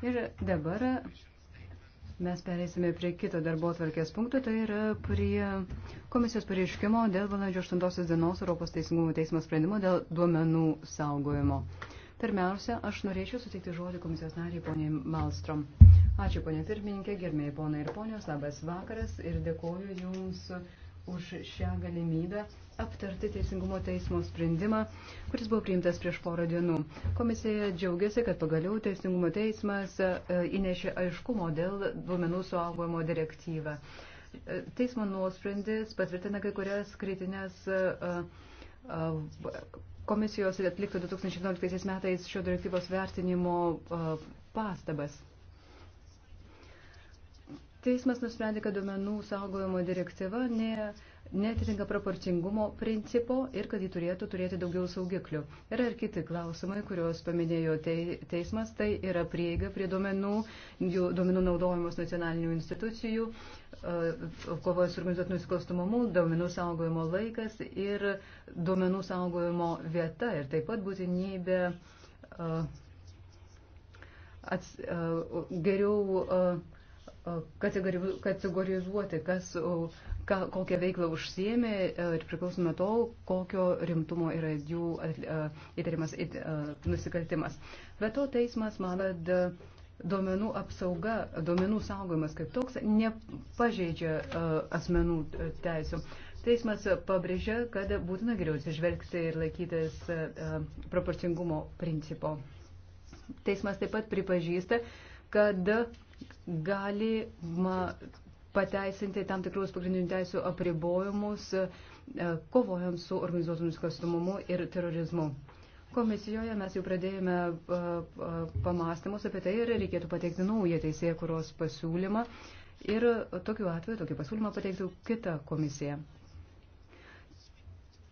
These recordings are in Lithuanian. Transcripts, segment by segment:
Ir dabar mes pereisime prie kito darbo atvarkės punkto, tai yra prie komisijos pareiškimo dėl valandžio 8 dienos Europos teisingumo teismo sprendimo dėl duomenų saugojimo. Pirmiausia, aš norėčiau suteikti žodį komisijos nariai poniai Malstrom. Ačiū ponė pirmininkė, gerbėjai ponai ir ponios, labas vakaras ir dėkoju Jums už šią galimybę aptarti Teisingumo teismo sprendimą, kuris buvo priimtas prieš porą dienų. Komisija džiaugiasi, kad pagaliau Teisingumo teismas e, įnešė aiškumo dėl duomenų suaugojimo direktyvą. E, teismo nuosprendis patvirtina kai kurias kritinės e, komisijos atlikto 2011 metais šio direktyvos vertinimo pastabas. Teismas nusprendė, kad duomenų saugojimo direktyva ne, uh, netitinka proporcingumo principo ir kad ji turėtų turėti daugiau saugiklių. Yra ir kiti klausimai, kuriuos paminėjo teismas, tai yra prieiga prie duomenų, jų duomenų naudojamos nacionalinių institucijų, e, kova su organizuotų nusikalstumamu, duomenų saugojimo laikas ir duomenų saugojimo vieta ir taip pat būtinybė e, ats, e, geriau kategorizuoti, kas ką, kokią veiklą užsiemė e, ir priklauso nuo to, kokio rimtumo yra jų e, e, įtarimas nusikaltimas. Be to teismas mano, duomenų apsauga, duomenų saugojimas kaip toks nepažeidžia asmenų teisų. Teismas pabrėžia, kad būtina geriau atsižvelgti ir laikytis proporcingumo principo. Teismas taip pat pripažįsta, kad galima pateisinti tam tikrus pagrindinių teisų apribojimus, e, kovojant su organizuotų nusikalstamumu ir terorizmu. Komisijoje mes jau pradėjome e, e, pamastymus apie tai ir reikėtų pateikti naują teisėją, kurios pasiūlymą. Ir tokiu atveju tokį pasiūlymą pateiktų kita komisija.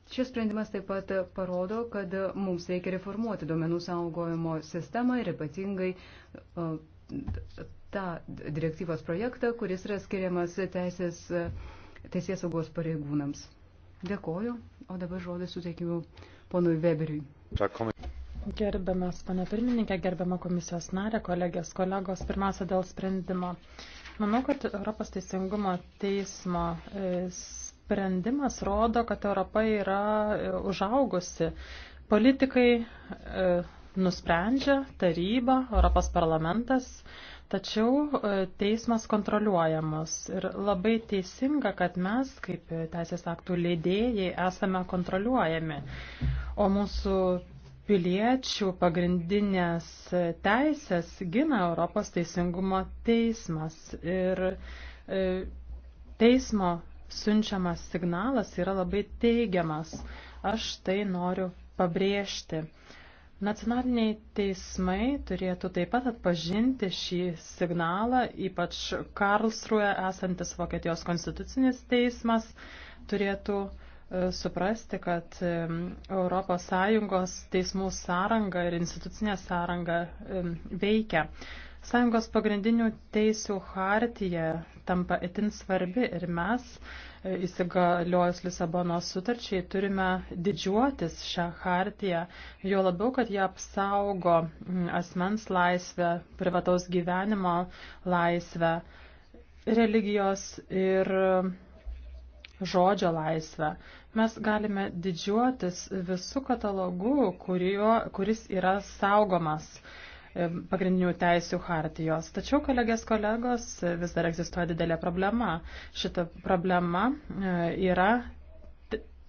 Šis sprendimas taip pat parodo, kad mums reikia reformuoti duomenų saugojimo sistemą ir ypatingai tą direktyvos projektą, kuris yra skiriamas teisės, teisės saugos pareigūnams. Dėkoju, o dabar žodį suteikiu ponui Weberiui. Gerbiamas pane pirmininkė, gerbiama komisijos narė, kolegės, kolegos, pirmiausia dėl sprendimo. Manau, kad Europos teisingumo teismo e, sprendimas rodo, kad Europa yra e, užaugusi. Politikai e, nusprendžia, taryba, Europos parlamentas Tačiau e, teismas kontroliuojamas ir labai teisinga, kad mes, kaip e, teisės aktų leidėjai, esame kontroliuojami. O mūsų piliečių pagrindinės teisės gina Europos teisingumo teismas. Ir e, teismo siunčiamas signalas yra labai teigiamas. Aš tai noriu pabrėžti. Nacionaliniai teismai turėtų taip pat atpažinti šį signalą, ypač Karlsruhe esantis Vokietijos konstitucinis teismas turėtų e, suprasti, kad ES teismų sąranga ir institucinė sąranga e, veikia. Sąjungos pagrindinių teisių hartija tampa itin svarbi ir mes įsigaliojus Lisabonos sutarčiai turime didžiuotis šią hartiją, jo labiau, kad jie apsaugo mm, asmens laisvę, privataus gyvenimo laisvę, religijos ir mm, žodžio laisvę. Mes galime didžiuotis visų katalogų, kurio, kuris yra saugomas E, pagrindinių teisių hartijos. Tačiau, kolegės kolegos, vis dar egzistuoja didelė problema. Šita problema e, yra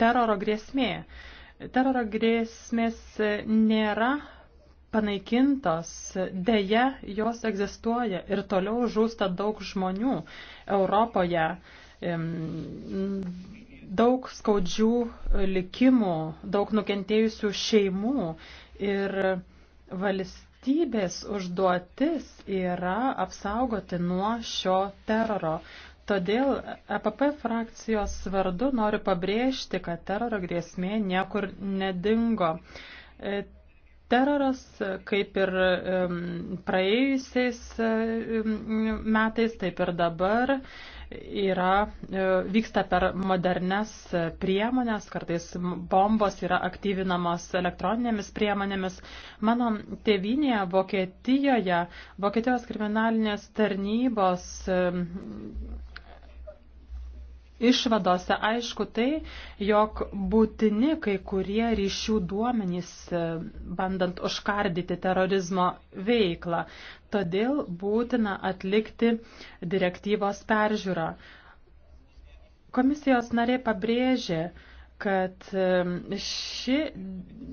teroro grėsmė. Teroro grėsmės nėra panaikintos, dėja jos egzistuoja ir toliau žūsta daug žmonių Europoje. Daug skaudžių likimų, daug nukentėjusių šeimų ir valstybės valstybės užduotis yra apsaugoti nuo šio teroro. Todėl EPP frakcijos vardu noriu pabrėžti, kad teroro grėsmė niekur nedingo. E, Teroras, kaip ir praėjusiais metais, taip ir dabar, yra, e, vyksta per modernes priemonės, kartais bombos yra aktyvinamos elektroninėmis priemonėmis. Mano tėvinėje Vokietijoje, Vokietijos kriminalinės tarnybos Išvadose aišku tai, jog būtini kai kurie ryšių duomenys, e, bandant užkardyti terorizmo veiklą. Todėl būtina atlikti direktyvos peržiūrą. Komisijos nariai pabrėžė, kad ši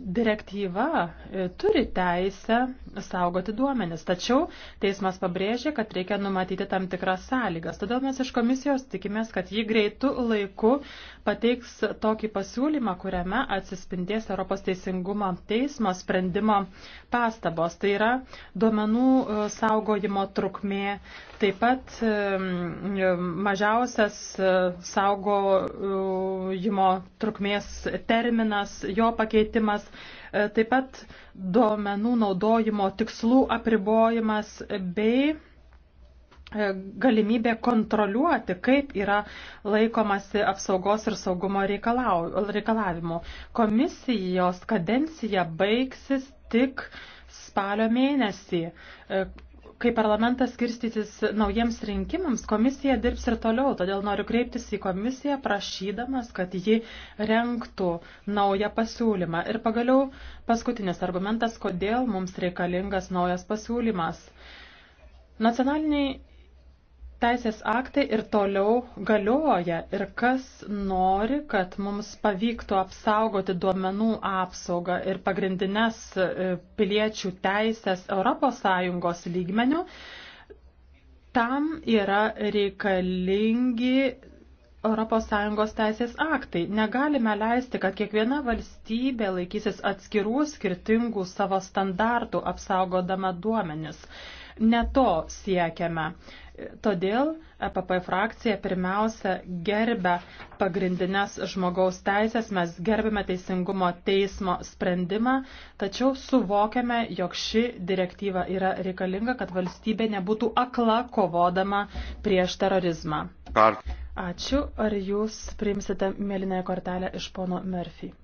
direktyva e, turi teisę saugoti duomenis, tačiau teismas pabrėžė, kad reikia numatyti tam tikras sąlygas. Todėl mes iš komisijos tikimės, kad ji greitų laiku pateiks tokį pasiūlymą, kuriame atsispindės Europos teisingumo teismo sprendimo pastabos. Tai yra duomenų e, saugojimo trukmė, Taip pat mažiausias e, saugojimo trukmės terminas, jo pakeitimas, e, taip pat duomenų naudojimo tikslų apribojimas bei e, galimybė kontroliuoti, kaip yra laikomasi apsaugos ir saugumo reikalavimų. Komisijos kadencija baigsis tik spalio mėnesį kai parlamentas skirstytis naujiems rinkimams, komisija dirbs ir toliau, todėl noriu kreiptis į komisiją prašydamas, kad ji renktų naują pasiūlymą. Ir pagaliau paskutinis argumentas, kodėl mums reikalingas naujas pasiūlymas. Nacionaliniai teisės aktai ir toliau galioja ir kas nori, kad mums pavyktų apsaugoti duomenų apsaugą ir pagrindinės e, piliečių teisės ES lygmenių, tam yra reikalingi ES teisės aktai. Negalime leisti, kad kiekviena valstybė laikysis atskirų skirtingų savo standartų apsaugodama duomenis. Ne to siekiame. Todėl EPP frakcija pirmiausia gerbia pagrindinės žmogaus teisės, mes gerbime teisingumo teismo sprendimą, tačiau suvokiame, jog ši direktyva yra reikalinga, kad valstybė nebūtų akla kovodama prieš terorizmą. Ačiū. Ar jūs priimsite mėlynąją kortelę iš pono Murphy?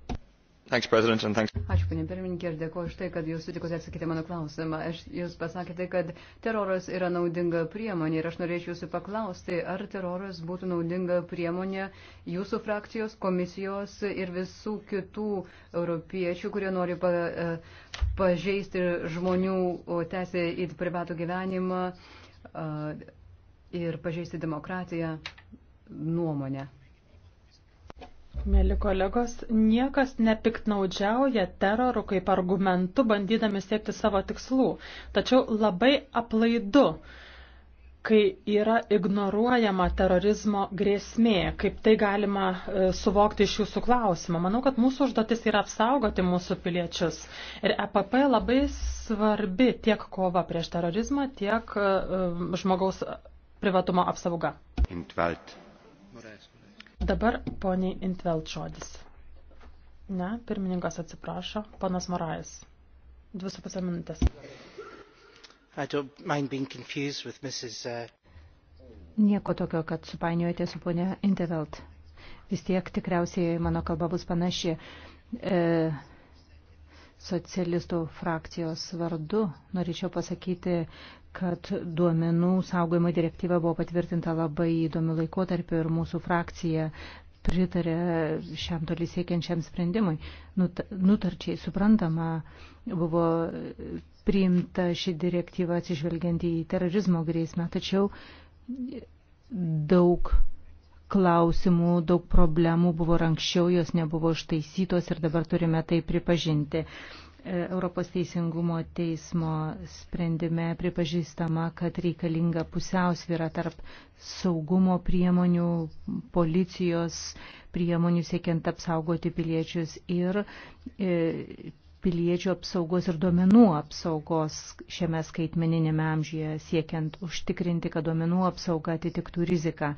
Thanks, Ačiū, panė pirmininkė, ir dėkuoju už tai, kad jūs sutikote atsakyti mano klausimą. Aš, jūs pasakėte, kad teroras yra naudinga priemonė ir aš norėčiau jūsų paklausti, ar teroras būtų naudinga priemonė jūsų frakcijos, komisijos ir visų kitų europiečių, kurie nori pa, e, pažeisti žmonių teisę į privatų gyvenimą e, ir pažeisti demokratiją nuomonę. Mėly kolegos, niekas nepiktnaudžiauja teroru kaip argumentu, bandydami siekti savo tikslų. Tačiau labai aplaidu, kai yra ignoruojama terorizmo grėsmė, kaip tai galima e, suvokti iš jūsų klausimo. Manau, kad mūsų užduotis yra apsaugoti mūsų piliečius. Ir EPP labai svarbi tiek kova prieš terorizmą, tiek e, e, žmogaus privatumo apsauga. Intvelt. Dabar poniai Intvelt žodis. Ne, pirmininkas atsiprašo, ponas Morais. Dvi su pusė minutės. Uh, Nieko tokio, kad supainiojate su ponia Intervelt. Vis tiek tikriausiai mano kalba bus panaši. E, socialistų frakcijos vardu norėčiau pasakyti, kad duomenų saugojimo direktyva buvo patvirtinta labai įdomiu laikotarpiu ir mūsų frakcija pritarė šiam toli siekiančiam sprendimui. Nutarčiai suprantama buvo priimta ši direktyva atsižvelgiant į terorizmo grėsmę, tačiau daug klausimų, daug problemų buvo anksčiau, jos nebuvo ištaisytos ir dabar turime tai pripažinti. E, Europos teisingumo teismo sprendime pripažįstama, kad reikalinga pusiausvyra tarp saugumo priemonių, policijos priemonių siekiant apsaugoti piliečius ir e, piliečių apsaugos ir duomenų apsaugos šiame skaitmeninėme amžiuje siekiant užtikrinti, kad duomenų apsauga atitiktų riziką.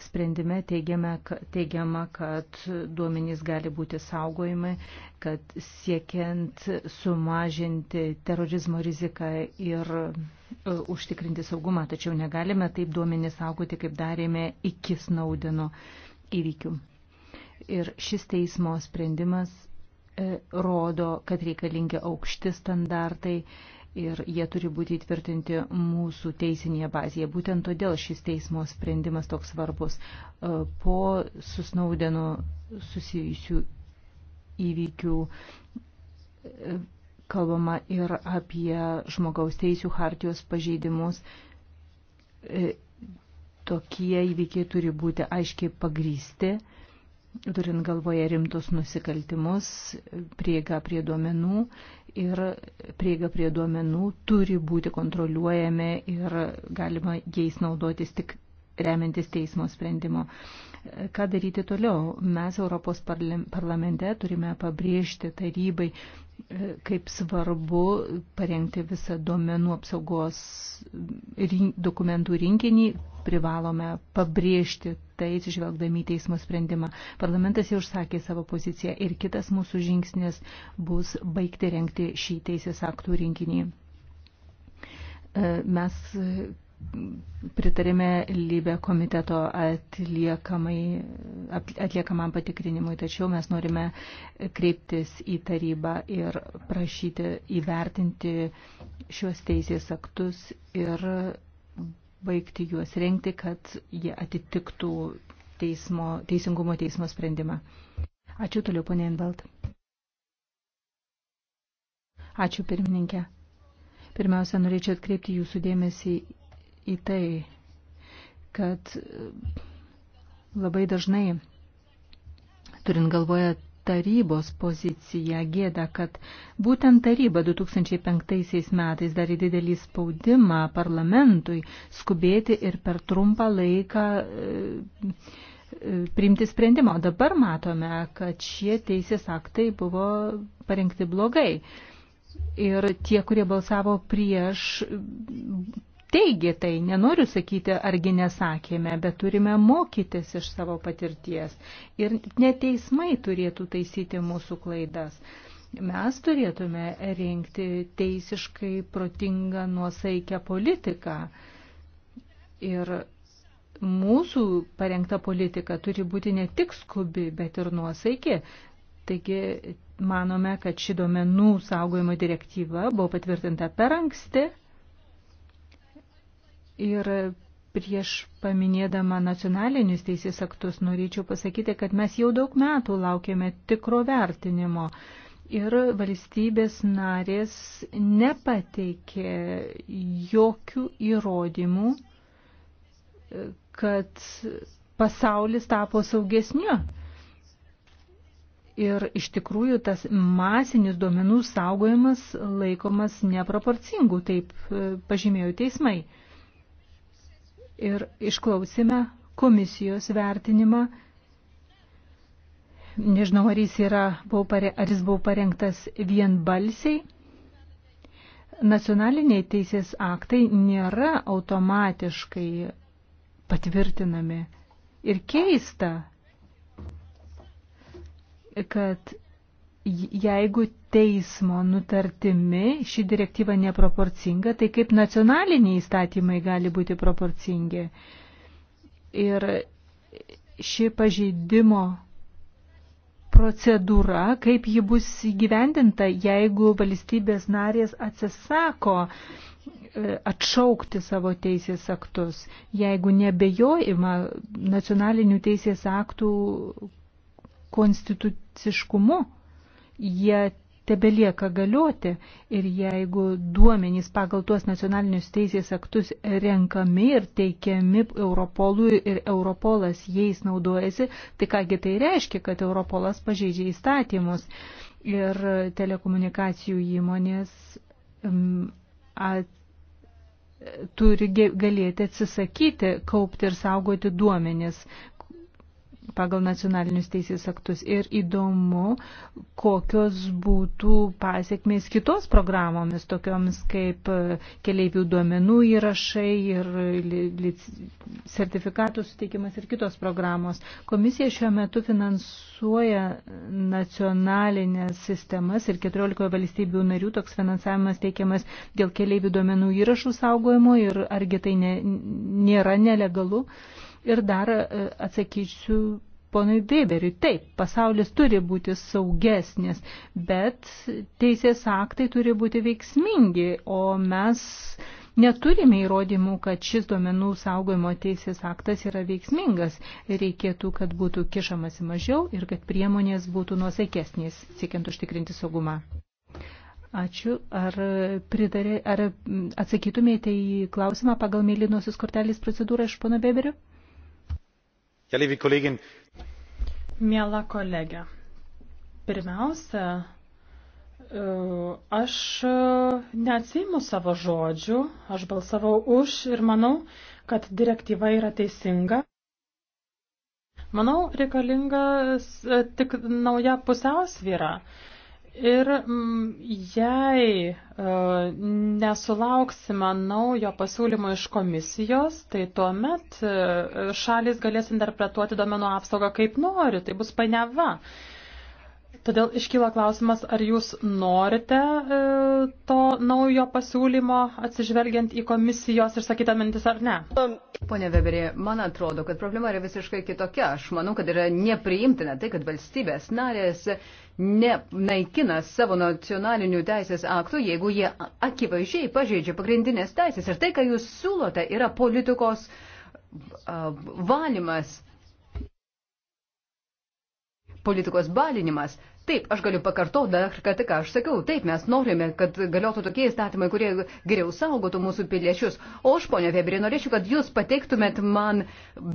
Sprendime teigiame, teigiama, kad duomenys gali būti saugojami, kad siekiant sumažinti terorizmo riziką ir e, užtikrinti saugumą, tačiau negalime taip duomenys saugoti, kaip darėme iki Snaudeno įvykių. Ir šis teismo sprendimas e, rodo, kad reikalingi aukšti standartai ir jie turi būti įtvirtinti mūsų teisinėje bazėje. Būtent todėl šis teismo sprendimas toks svarbus. E, po susnaudenu susijusių įvykių e, kalbama ir apie žmogaus teisų hartijos pažeidimus. E, tokie įvykiai turi būti aiškiai pagrysti turint galvoje rimtus nusikaltimus, prieiga prie duomenų ir prieiga prie duomenų turi būti kontroliuojami ir galima jais naudotis tik remiantis teismo sprendimo. Ką daryti toliau? Mes Europos parlamente turime pabrėžti tarybai, kaip svarbu parengti visą duomenų apsaugos dokumentų rinkinį, privalome pabrėžti tai atsižvelgdami į teismo sprendimą. Parlamentas jau užsakė savo poziciją ir kitas mūsų žingsnis bus baigti renkti šį teisės aktų rinkinį. E, mes pritarėme lybę komiteto atliekamam patikrinimui, tačiau mes norime kreiptis į tarybą ir prašyti įvertinti šios teisės aktus ir baigti juos rengti, kad jie atitiktų teismo, teisingumo teismo sprendimą. Ačiū toliau, ponė Enveld. Ačiū, pirmininkė. Pirmiausia, norėčiau atkreipti jūsų dėmesį į tai, kad labai dažnai, turint galvoje tarybos poziciją. Gėda, kad būtent taryba 2005 metais darė didelį spaudimą parlamentui skubėti ir per trumpą laiką e, e, priimti sprendimą. O dabar matome, kad šie teisės aktai buvo parengti blogai. Ir tie, kurie balsavo prieš, teigia tai, nenoriu sakyti, argi nesakėme, bet turime mokytis iš savo patirties. Ir neteismai turėtų taisyti mūsų klaidas mes turėtume rinkti teisiškai protingą nuosaikę politiką. Ir mūsų parengta politika turi būti ne tik skubi, bet ir nuosaikė. Taigi manome, kad ši domenų saugojimo direktyva buvo patvirtinta per anksti Ir prieš paminėdama nacionalinius teisės aktus norėčiau pasakyti, kad mes jau daug metų laukiame tikro vertinimo. Ir valstybės narės nepateikė jokių įrodymų, kad pasaulis tapo saugesniu. Ir iš tikrųjų tas masinis duomenų saugojimas laikomas neproporcingų, taip pažymėjo teismai ir išklausime komisijos vertinimą. Nežinau, ar jis, yra, ar jis buvo parengtas vienbalsiai. Nacionaliniai teisės aktai nėra automatiškai patvirtinami. Ir keista, kad jeigu teismo nutartimi ši direktyva neproporcinga, tai kaip nacionaliniai įstatymai gali būti proporcingi. Ir ši pažeidimo procedūra, kaip ji bus įgyvendinta, jeigu valstybės narės atsisako e, atšaukti savo teisės aktus, jeigu nebejojama nacionalinių teisės aktų konstituciškumu jie tebelieka galioti ir jeigu duomenys pagal tuos nacionalinius teisės aktus renkami ir teikiami Europolui ir Europolas jais naudojasi, tai kągi tai reiškia, kad Europolas pažeidžia įstatymus ir telekomunikacijų įmonės mm, at, turi galėti atsisakyti kaupti ir saugoti duomenis pagal nacionalinius teisės aktus. Ir įdomu, kokios būtų pasiekmės kitos programomis, tokiomis kaip e, keliaivių duomenų įrašai ir sertifikatų suteikimas ir kitos programos. Komisija šiuo metu finansuoja nacionalinės sistemas ir 14 valstybių narių toks finansavimas teikiamas dėl keliaivių duomenų įrašų saugojimo ir argi tai ne, nėra nelegalu. Uh, Ir dar e, atsakysiu ponui Weberiui, taip, pasaulis turi būti saugesnis, bet teisės aktai turi būti veiksmingi, o mes neturime įrodymų, kad šis duomenų saugojimo teisės aktas yra veiksmingas. Reikėtų, kad būtų kišamasi mažiau ir kad priemonės būtų nuosaikesnės, siekiant užtikrinti saugumą. Ačiū. Ar, pritarė, ar atsakytumėte į klausimą pagal mėlynosios kortelės procedūrą iš pono Beberio? Ja, liebe Kollegin. Miela kolegė, pirmiausia, e, aš neatsimu savo žodžių, aš balsavau už ir manau, kad direktyva yra teisinga. Manau, reikalinga e, tik nauja pusiausvyra. Ir mm, jei e, nesulauksime naujo pasiūlymo iš komisijos, tai tuomet e, šalis galės interpretuoti domenų apsaugą kaip nori, tai bus painiava. Todėl iškyla klausimas, ar jūs norite e, to naujo pasiūlymo atsižvelgiant į komisijos ir sakytą mintis ar ne? Pone Weberė, man atrodo, kad problema yra visiškai kitokia. Aš manau, kad yra nepriimtina tai, kad valstybės narės nenaikina savo nacionalinių teisės aktų, jeigu jie akivaizdžiai pažeidžia pagrindinės teisės. Ir tai, ką jūs siūlote, yra politikos valymas politikos balinimas. Taip, aš galiu pakartoti dar kartą, ką aš sakiau. Taip, mes norime, kad galiotų tokie įstatymai, kurie geriau saugotų mūsų piliečius. O aš, ponia Weberė, norėčiau, kad jūs pateiktumėt man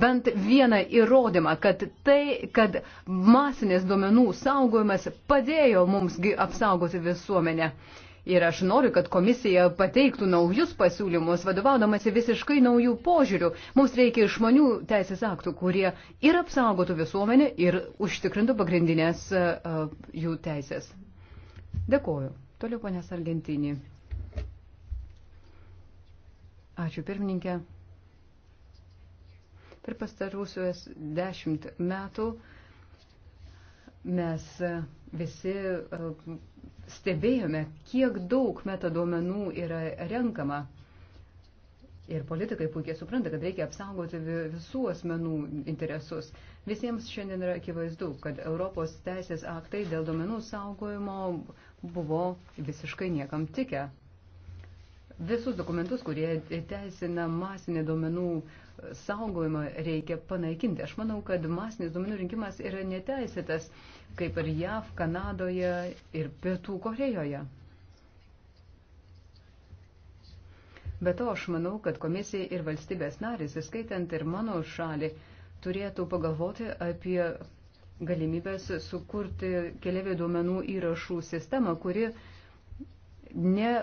bent vieną įrodymą, kad tai, kad masinės duomenų saugojimas padėjo mums apsaugoti visuomenę. Ir aš noriu, kad komisija pateiktų naujus pasiūlymus, vadovaudamasi visiškai naujų požiūrių. Mums reikia išmanių teisės aktų, kurie ir apsaugotų visuomenę, ir užtikrintų pagrindinės uh, jų teisės. Dėkoju. Toliau ponės Argentinį. Ačiū pirmininkė. Per pastarusius dešimt metų mes. Uh, visi e, stebėjome, kiek daug metaduomenų yra renkama. Ir politikai puikiai supranta, kad reikia apsaugoti visų asmenų interesus. Visiems šiandien yra akivaizdu, kad Europos teisės aktai dėl domenų saugojimo buvo visiškai niekam tikę. Visus dokumentus, kurie teisina masinę domenų uh, saugojimą reikia panaikinti. Aš manau, kad masinis duomenų rinkimas yra neteisėtas, kaip ir JAV, Kanadoje ir Pietų Korejoje. Be to, aš manau, kad komisija ir valstybės narys, įskaitant ir mano šalį, turėtų pagalvoti apie galimybės sukurti keliavių duomenų įrašų sistemą, kuri ne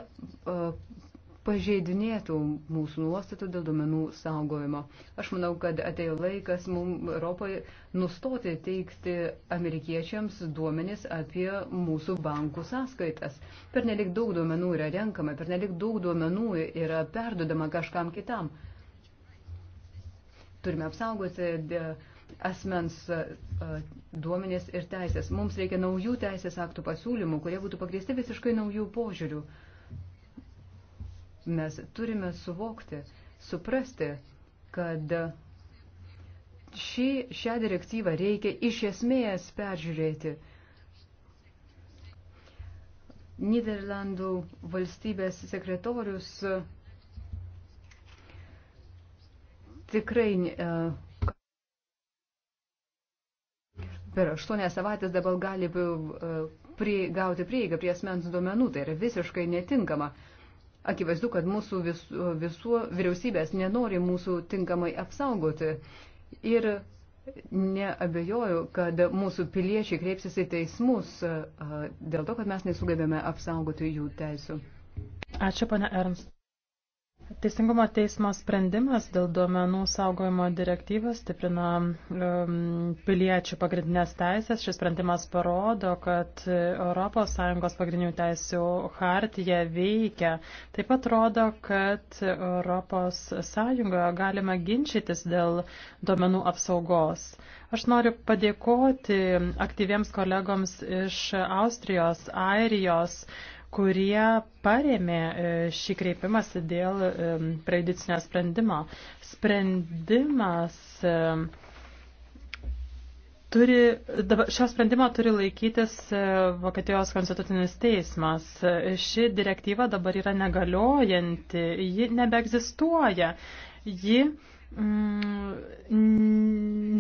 pažeidinėtų mūsų nuostatų dėl duomenų saugojimo. Aš manau, kad atėjo laikas mums Europoje nustoti teikti amerikiečiams duomenis apie mūsų bankų sąskaitas. Per nelik daug duomenų yra renkama, per nelik daug duomenų yra perdodama kažkam kitam. Turime apsaugoti. De, asmens e, duomenės ir teisės. Mums reikia naujų teisės aktų pasiūlymų, kurie būtų pagrįsti visiškai naujų požiūrių. Mes turime suvokti, suprasti, kad šį, šią direktyvą reikia iš esmės peržiūrėti. Niderlandų valstybės sekretorius tikrai e, per aštuonias savaitės dabar gali e, prie, gauti prieigą prie asmens duomenų. Tai yra visiškai netinkama. Akivaizdu, kad mūsų visų, visų vyriausybės nenori mūsų tinkamai apsaugoti. Ir neabejoju, kad mūsų piliečiai kreipsis į teismus dėl to, kad mes nesugebėme apsaugoti jų teisų. Ačiū, pane Ernst. Teisingumo teismo sprendimas dėl duomenų saugojimo direktyvos stiprina um, piliečių pagrindinės teisės. Šis sprendimas parodo, kad ES pagrindinių teisių hartija veikia. Taip pat rodo, kad ES galima ginčytis dėl duomenų apsaugos. Aš noriu padėkoti aktyviems kolegoms iš Austrijos, Airijos, uh, kurie paremė e, šį kreipimąsi dėl e, tradicinio sprendimo. Sprendimas e, turi, dabar, šio sprendimo turi laikytis Vokietijos konstitucinis teismas. Ši direktyva dabar yra negaliojanti, ji nebeegzistuoja, ji mm,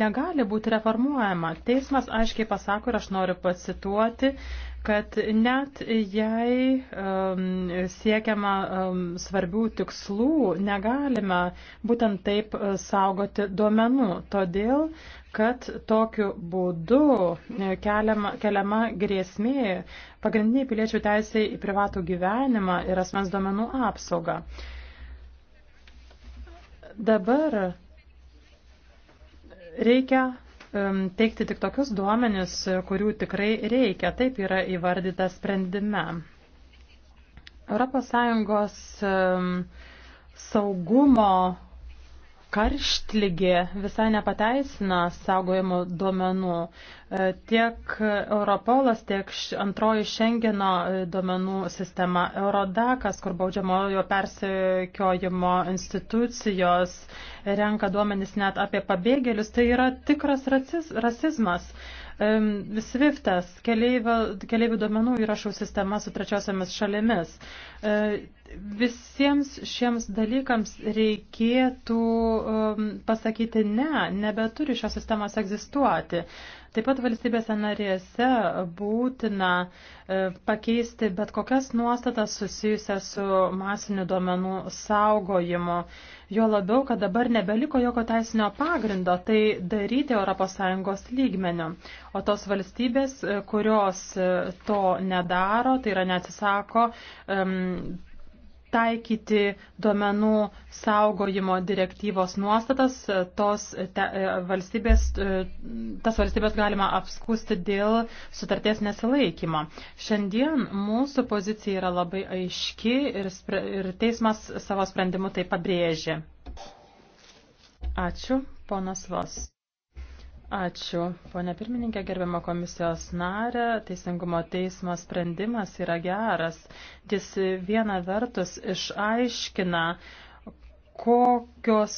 negali būti reformuojama. Teismas aiškiai pasako, ir aš noriu pacituoti, kad net jei um, siekiama um, svarbių tikslų, negalime būtent taip uh, saugoti duomenų, todėl kad tokiu būdu e, keliama, keliama grėsmė pagrindiniai piliečių teisėjai į privatų gyvenimą ir asmens duomenų apsaugą. Dabar reikia teikti tik tokius duomenis, kurių tikrai reikia. Taip yra įvardyta sprendime. ES saugumo karštlygė visai nepateisina saugojimo duomenų. E, tiek Europolas, tiek antroji Schengeno e, duomenų sistema, Eurodakas, kur baudžiamojo persikiojimo institucijos renka duomenis net apie pabėgėlius, tai yra tikras rasizmas. Sviftas, keleivių duomenų įrašų sistema su trečiosiamis šalimis. E, visiems šiems dalykams reikėtų pasakyti ne, nebeturi šios sistemos egzistuoti. Taip pat valstybėse narėse būtina e, pakeisti bet kokias nuostatas susijusias su masiniu duomenų saugojimu. Jo labiau, kad dabar nebeliko jokio teisinio pagrindo tai daryti ES lygmeniu. O tos valstybės, e, kurios e, to nedaro, tai yra neatsisako um, taikyti duomenų saugojimo direktyvos nuostatas, tos te, e, valstybės, e, tas valstybės galima apskusti dėl sutarties nesilaikymo. Šiandien mūsų pozicija yra labai aiški ir, ir teismas savo sprendimu tai pabrėžė. Ačiū, ponas Vos. Ačiū, ponė pirmininkė, gerbiama komisijos narė. Teisingumo teismo sprendimas yra geras. Jis viena vertus išaiškina, kokios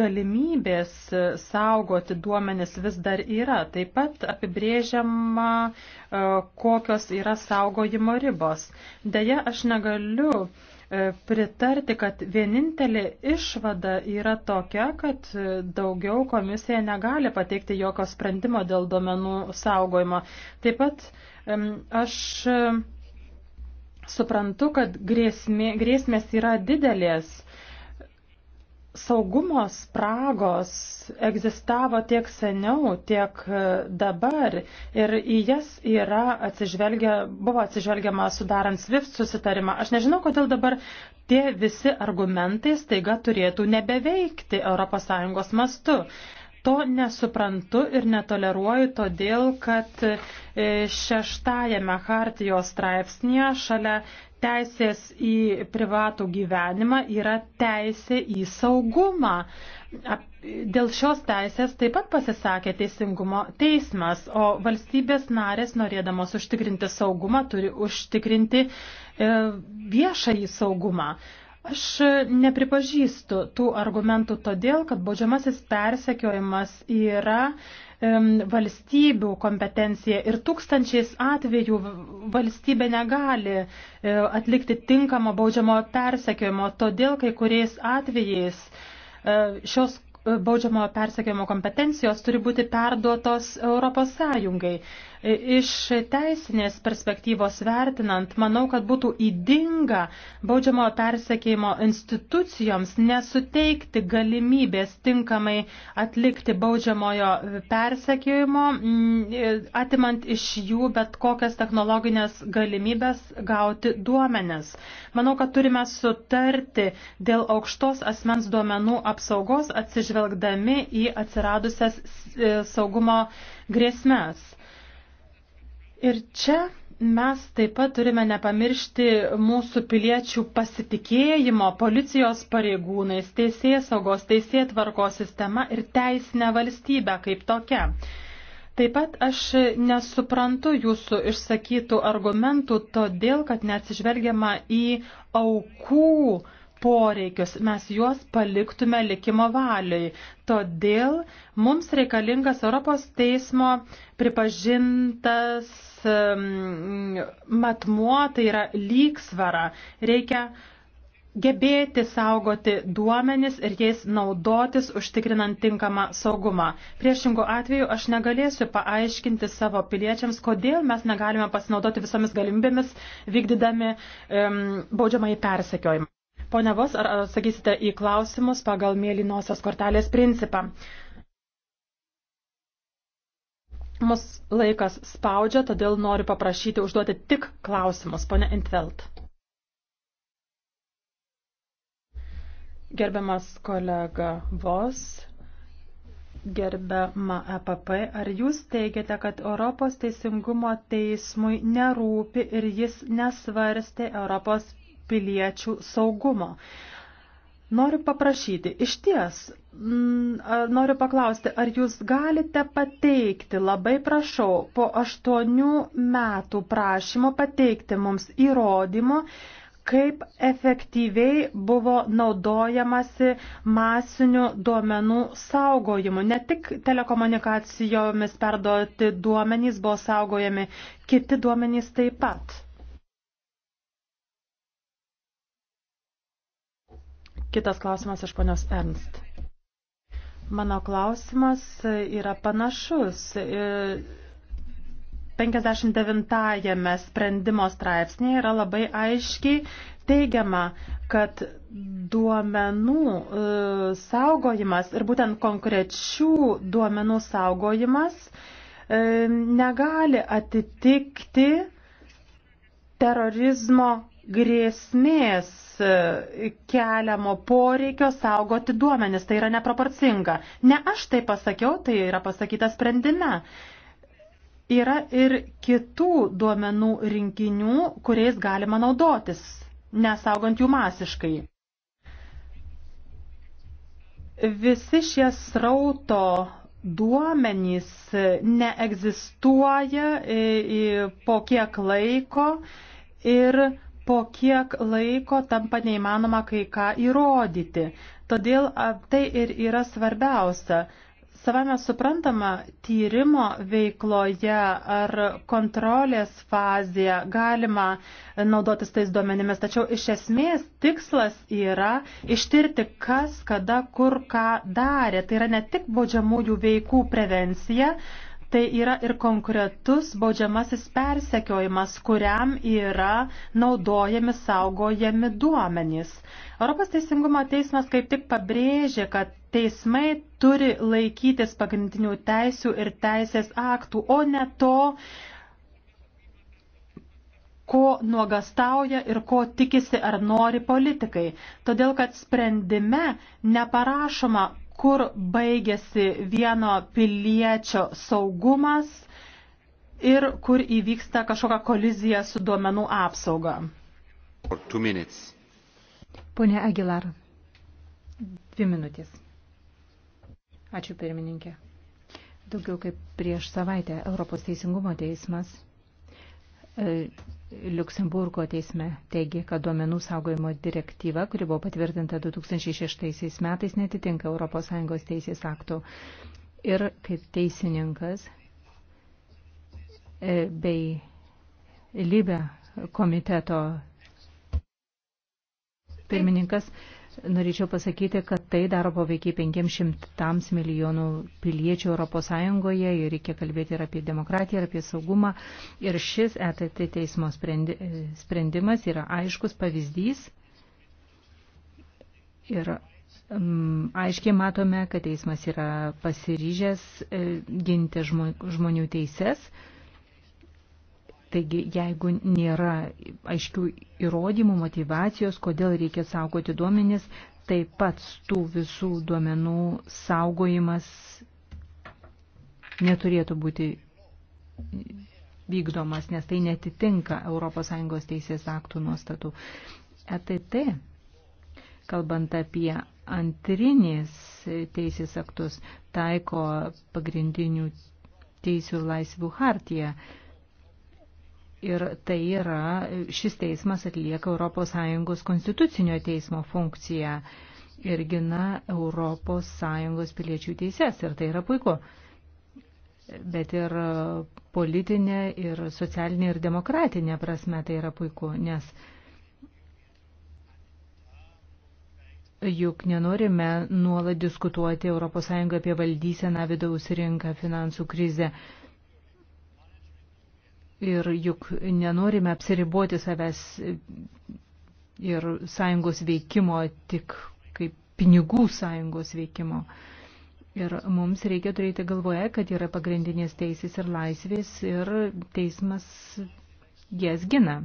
galimybės saugoti duomenis vis dar yra. Taip pat apibrėžiama, e, kokios yra saugojimo ribos. Deja, aš negaliu pritarti, kad vienintelė išvada yra tokia, kad daugiau komisija negali pateikti jokio sprendimo dėl duomenų saugojimo. Taip pat aš suprantu, kad grėsmė, grėsmės yra didelės saugumo spragos egzistavo tiek seniau, tiek dabar ir į jas yra atsižvelgia, buvo atsižvelgiama sudarant SWIFT susitarimą. Aš nežinau, kodėl dabar tie visi argumentai staiga turėtų nebeveikti ES mastu. To nesuprantu ir netoleruoju todėl, kad e, šeštajame hartijos straipsnėje šalia teisės į privatų gyvenimą yra teisė į saugumą. Dėl šios teisės taip pat pasisakė Teisingumo teismas, o valstybės narės, norėdamos užtikrinti saugumą, turi užtikrinti e, viešąjį saugumą. Aš nepripažįstu tų argumentų todėl, kad baudžiamasis persekiojimas yra valstybių kompetencija ir tūkstančiais atvejų valstybė negali e, atlikti tinkamo baudžiamo persekiojimo. Todėl kai kuriais atvejais e, šios e, baudžiamojo persekiojimo kompetencijos turi būti perduotos Europos Sąjungai. Iš teisinės perspektyvos vertinant, manau, kad būtų įdinga baudžiamo persekėjimo institucijoms nesuteikti galimybės tinkamai atlikti baudžiamojo persekėjimo, mm, atimant iš jų bet kokias technologinės galimybės gauti duomenis. Manau, kad turime sutarti dėl aukštos asmens duomenų apsaugos atsižvelgdami į atsiradusias e, saugumo grėsmes. Ir čia mes taip pat turime nepamiršti mūsų piliečių pasitikėjimo policijos pareigūnais, teisėsaugos, teisėtvarkos sistema ir teisinę valstybę kaip tokia. Taip pat aš nesuprantu jūsų išsakytų argumentų, todėl kad neatsižvelgiama į aukų poreikius, mes juos paliktume likimo valiai. Todėl mums reikalingas Europos teismo pripažintas Um, matmuo tai yra lygsvara. Reikia gebėti saugoti duomenis ir jais naudotis užtikrinant tinkamą saugumą. Priešingų atveju aš negalėsiu paaiškinti savo piliečiams, kodėl mes negalime pasinaudoti visomis galimybėmis vykdydami um, baudžiamą į persekiojimą. Pone Vos, ar atsakysite į klausimus pagal mėlynosios kortelės principą? Mus laikas spaudžia, todėl noriu paprašyti užduoti tik klausimus, ponia Intvelt. Gerbiamas kolega Vos, gerbiama EPP, ar jūs teigiate, kad Europos teisingumo teismui nerūpi ir jis nesvarstė Europos piliečių saugumo? Noriu paprašyti, iš ties, m, noriu paklausti, ar jūs galite pateikti, labai prašau, po aštuonių metų prašymo pateikti mums įrodymų, kaip efektyviai buvo naudojamasi masiniu duomenų saugojimu. Ne tik telekomunikacijomis perduoti duomenys buvo saugojami, kiti duomenys taip pat. Kitas klausimas iš ponios Ernst. Mano klausimas yra panašus. 59-ame e, sprendimo straipsnėje yra labai aiškiai teigiama, kad duomenų e, saugojimas ir būtent konkrečių duomenų saugojimas e, negali atitikti terorizmo grėsmės keliamo poreikio saugoti duomenis. Tai yra neproporcinga. Ne aš tai pasakiau, tai yra pasakyta sprendime. Yra ir kitų duomenų rinkinių, kuriais galima naudotis, nesaugant jų masiškai. Visi šie srauto duomenys neegzistuoja e, e, po kiek laiko ir po kiek laiko tampa neįmanoma kai ką įrodyti. Todėl tai ir yra svarbiausia. Savame suprantama, tyrimo veikloje ar kontrolės fazėje galima naudotis tais duomenimis, tačiau iš esmės tikslas yra ištirti, kas, kada, kur, ką darė. Tai yra ne tik baudžiamųjų veikų prevencija, tai yra ir konkretus baudžiamasis persekiojimas, kuriam yra naudojami saugojami duomenys. Europos Teisingumo teismas kaip tik pabrėžė, kad teismai turi laikytis pagrindinių teisių ir teisės aktų, o ne to, ko nuogastauja ir ko tikisi ar nori politikai. Todėl, kad sprendime neparašoma kur baigėsi vieno piliečio saugumas ir kur įvyksta kažkokia kolizija su duomenų apsauga. Pone Aguilar, dvi minutės. Ačiū pirmininkė. Daugiau kaip prieš savaitę Europos teisingumo teismas e, Luksemburgo teisme teigia, kad duomenų saugojimo direktyva, kuri buvo patvirtinta 2006 metais, netitinka ES teisės aktų. Ir kaip teisininkas e, bei Libė komiteto pirmininkas Norėčiau pasakyti, kad tai daro poveikį 500 milijonų piliečių ES ir reikia kalbėti ir apie demokratiją, ir apie saugumą. Ir šis ETT teismo sprendimas yra aiškus pavyzdys. Ir um, aiškiai matome, kad teismas yra pasiryžęs e, ginti žmonių teises. E, Taigi, jeigu nėra aiškių įrodymų, motivacijos, kodėl reikia saugoti duomenis, taip pat tų visų duomenų saugojimas neturėtų būti vykdomas, nes tai netitinka ES teisės aktų nuostatų. ETT, kalbant apie antrinės teisės aktus, taiko pagrindinių teisių ir laisvių hartiją. Ir tai yra, šis teismas atlieka ES konstitucinio teismo funkciją ir gina ES piliečių teises. Ir tai yra puiku. Bet ir politinė, ir socialinė, ir demokratinė prasme tai yra puiku, nes juk nenorime nuolat diskutuoti ES apie valdyseną vidaus rinką, finansų krizę. Ir juk nenorime apsiriboti savęs ir sąjungos veikimo tik kaip pinigų sąjungos veikimo. Ir mums reikia turėti galvoje, kad yra pagrindinės teisės ir laisvės ir teismas jas gina.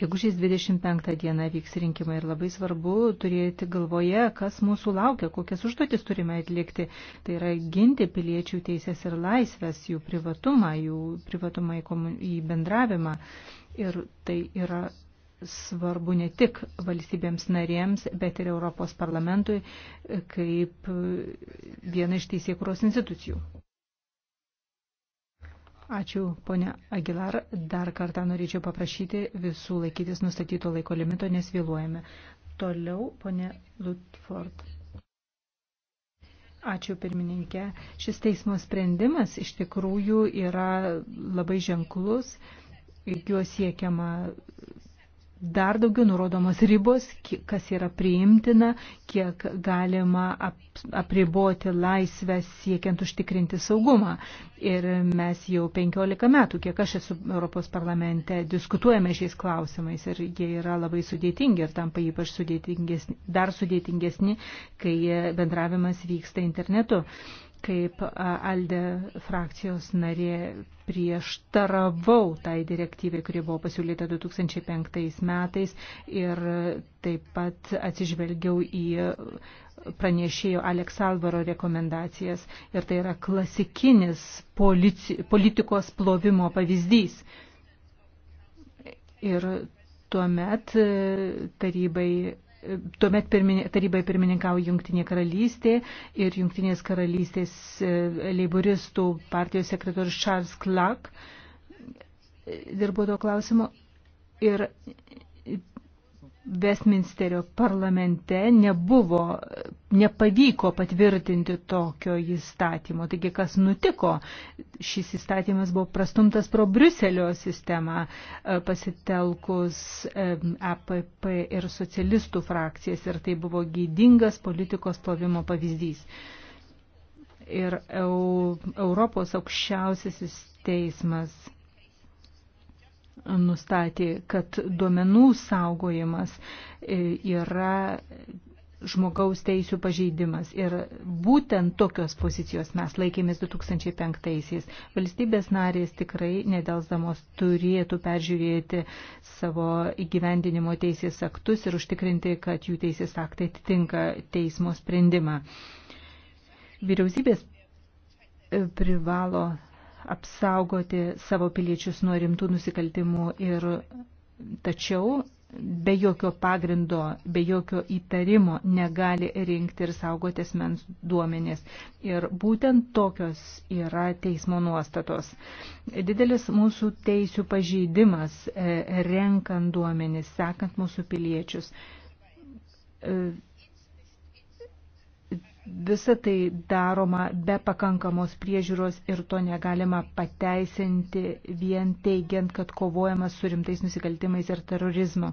Gegužės 25 dieną vyks rinkimai ir labai svarbu turėti galvoje, kas mūsų laukia, kokias užduotis turime atlikti. Tai yra ginti piliečių teisės ir laisvės, jų privatumą, jų privatumą į, komun... į bendravimą. Ir tai yra svarbu ne tik valstybėms narėms, bet ir Europos parlamentui kaip viena iš teisėkuros institucijų. Ačiū, ponia Agilar. Dar kartą norėčiau paprašyti visų laikytis nustatyto laiko limito, nes vėluojame. Toliau, ponia Lutford. Ačiū, pirmininkė. Šis teismo sprendimas iš tikrųjų yra labai ženklus. Juo siekiama dar daugiau nurodomos ribos, kas yra priimtina, kiek galima apriboti laisvę siekiant užtikrinti saugumą. Ir mes jau 15 metų, kiek aš esu Europos parlamente, diskutuojame šiais klausimais ir jie yra labai sudėtingi ir tampa ypač sudėtingesni, dar sudėtingesni, kai bendravimas vyksta internetu kaip Alde frakcijos narė prieštaravau tai direktyvai, kuri buvo pasiūlyta 2005 metais ir taip pat atsižvelgiau į pranešėjo Aleks Alvaro rekomendacijas ir tai yra klasikinis polici, politikos plovimo pavyzdys. Ir tuomet e, tarybai Tuomet pirminė, tarybai pirmininkavo Junktinė karalystė ir Junktinės karalystės e, leiboristų partijos sekretorius Charles Clark e, dirbo to klausimu ir Westminsterio parlamente nebuvo, nepavyko patvirtinti tokio įstatymo. Taigi, kas nutiko? Šis įstatymas buvo prastumtas pro Briuselio sistemą, e, pasitelkus e, APP ir socialistų frakcijas ir tai buvo gydingas politikos plovimo pavyzdys. Ir Europos aukščiausiasis teismas nustatė, kad duomenų saugojimas e, yra žmogaus teisų pažeidimas. Ir būtent tokios pozicijos mes laikėmės 2005-aisiais. Valstybės narės tikrai nedelsdamos turėtų peržiūrėti savo įgyvendinimo teisės aktus ir užtikrinti, kad jų teisės aktai atitinka teismo sprendimą. Vyriausybės e, privalo apsaugoti savo piliečius nuo rimtų nusikaltimų ir tačiau be jokio pagrindo, be jokio įtarimo negali rinkti ir saugoti asmens duomenės. Ir būtent tokios yra teismo nuostatos. Didelis mūsų teisių pažeidimas e, renkant duomenys, sekant mūsų piliečius e, Visa tai daroma be pakankamos priežiūros ir to negalima pateisinti vien teigiant, kad kovojama su rimtais nusikaltimais ir terorizmu.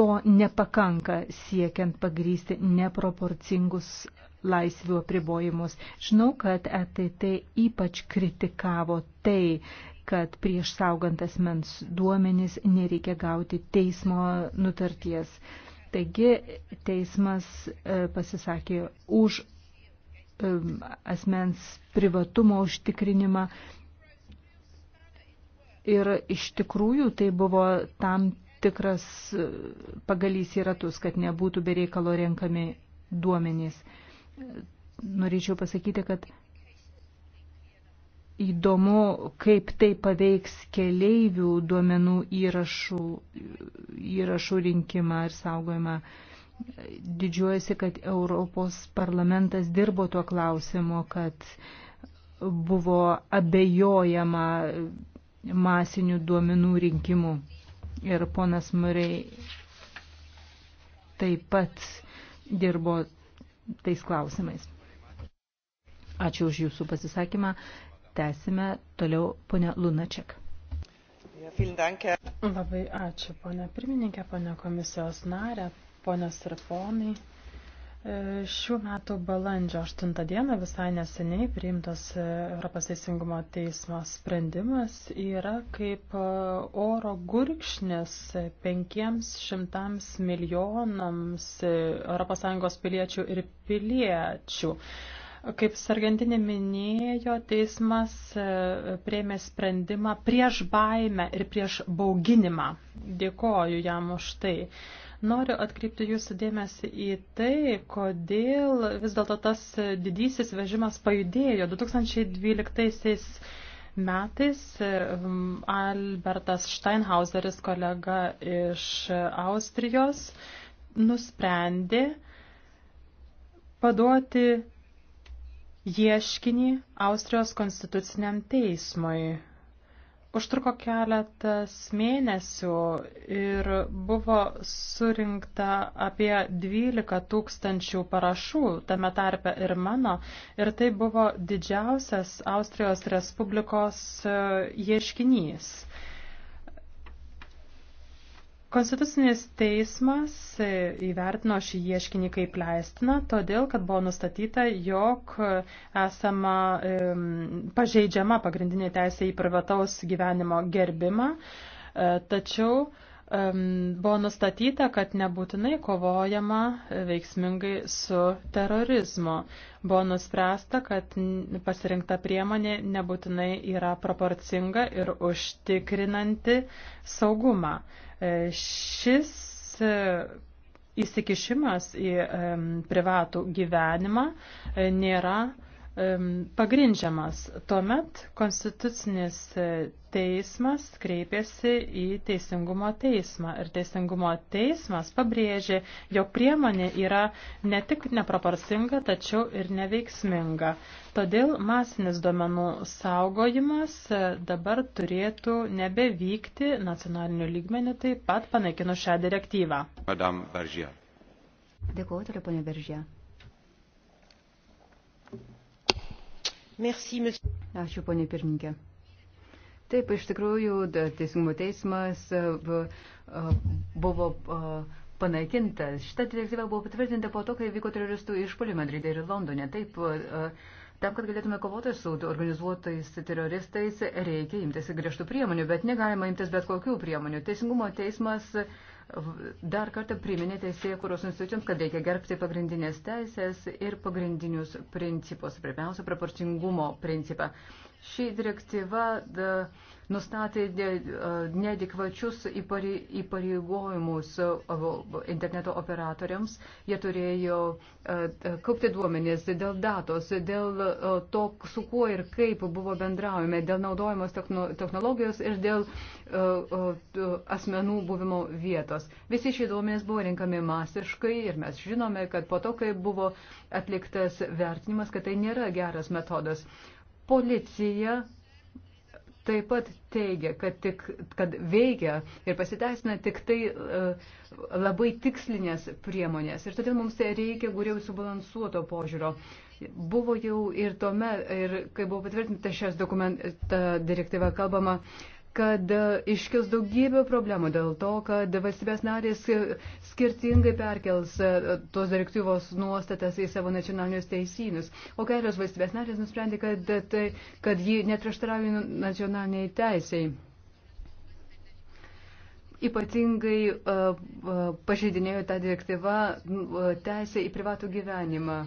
To nepakanka siekiant pagrysti neproporcingus laisvių apribojimus. Žinau, kad ETT ypač kritikavo tai, kad prieš saugant asmens duomenis nereikia gauti teismo nutarties. Taigi teismas e, pasisakė už e, asmens privatumo užtikrinimą ir iš tikrųjų tai buvo tam tikras e, pagalys į ratus, kad nebūtų bereikalo renkami duomenys. Norėčiau pasakyti, kad įdomu, kaip tai paveiks keleivių duomenų įrašų, įrašų rinkimą ir saugojimą. Didžiuojasi, kad Europos parlamentas dirbo tuo klausimu, kad buvo abejojama masinių duomenų rinkimu. Ir ponas Murray taip pat dirbo tais klausimais. Ačiū už Jūsų pasisakymą tęsime toliau ponę Lunaček. Labai ačiū, ponė pirmininkė, ponė komisijos narė, ponės ir ponai. E, šių metų balandžio 8 dieną visai neseniai priimtas e, Europos Teisingumo teismo sprendimas yra kaip e, oro gurkšnis 500 milijonams ES piliečių ir piliečių. Kaip Sargentinė minėjo, teismas e, prieimė sprendimą prieš baimę ir prieš bauginimą. Dėkoju jam už tai. Noriu atkreipti jūsų dėmesį į tai, kodėl vis dėlto tas didysis vežimas pajudėjo 2012 metais e, Albertas Steinhauseris, kolega iš Austrijos, nusprendė paduoti ieškinį Austrijos konstituciniam teismui. Užtruko keletas mėnesių ir buvo surinkta apie 12 tūkstančių parašų, tame tarpe ir mano, ir tai buvo didžiausias Austrijos Respublikos e, ieškinys. Konstitucinis teismas e, įvertino šį ieškinį kaip leistiną, todėl, kad buvo nustatyta, jog esama pažeidžiama pagrindinė teisė į privataus gyvenimo gerbimą, e, tačiau buvo nustatyta, kad nebūtinai kovojama e, veiksmingai su terorizmu. Buvo nuspręsta, kad pasirinkta priemonė nebūtinai yra proporcinga ir užtikrinanti saugumą. E, šis e, įsikišimas į privatų gyvenimą e, nėra pagrindžiamas. Tuomet Konstitucinis teismas kreipėsi į Teisingumo teismą ir Teisingumo teismas pabrėžė, jog priemonė yra ne tik neproporcinga, tačiau ir neveiksminga. Todėl masinis duomenų saugojimas e, dabar turėtų nebevykti nacionaliniu lygmeniu, taip pat panaikinu šią direktyvą. Dėkuoju, toliau, ponė Beržė. Merci, monsieur. Ačiū, ponė pirmininkė. Taip, iš tikrųjų, Teisingumo teismas buvo panaikintas. Šita direktyva buvo patvirtinta po to, kai vyko teroristų išpolių Madride ir Londone. Taip, tam, kad galėtume kovoti su organizuotais teroristais, reikia imtis griežtų priemonių, bet negalima imtis bet kokių priemonių. Teisingumo teismas dar kartą priminė teisėkuros institucijoms, kad reikia gerbti pagrindinės teisės ir pagrindinius principus, pirmiausia, proporcingumo principą. Ši direktyva da, nustatė nedikvačius įpareigojimus interneto operatoriams. Jie turėjo kaupti duomenės dėl datos, dėl to, su kuo ir kaip buvo bendraujame, dėl naudojamos technologijos ir dėl asmenų buvimo vietos. Visi šie duomenės buvo rinkami masiškai ir mes žinome, kad po to, kai buvo atliktas vertinimas, kad tai nėra geras metodas. Policija taip pat teigia, kad, tik, kad veikia ir pasiteisina tik tai e, labai tikslinės priemonės. Ir todėl mums reikia geriau subalansuoto požiūrio. Buvo jau ir tuomet, ir kai buvo patvirtinta šias dokumentą direktyvą, kalbama kad e, iškils daugybė problemų dėl to, kad valstybės narės e, skirtingai perkels e, tos direktyvos nuostatas į savo nacionalinius teisynus. O kelios valstybės narės nusprendė, kad, tai, kad ji neprieštarauja nacionaliniai teisiai. Ypatingai uh, uh, pažeidinėjo tą direktyvą uh, teisę į privatų gyvenimą.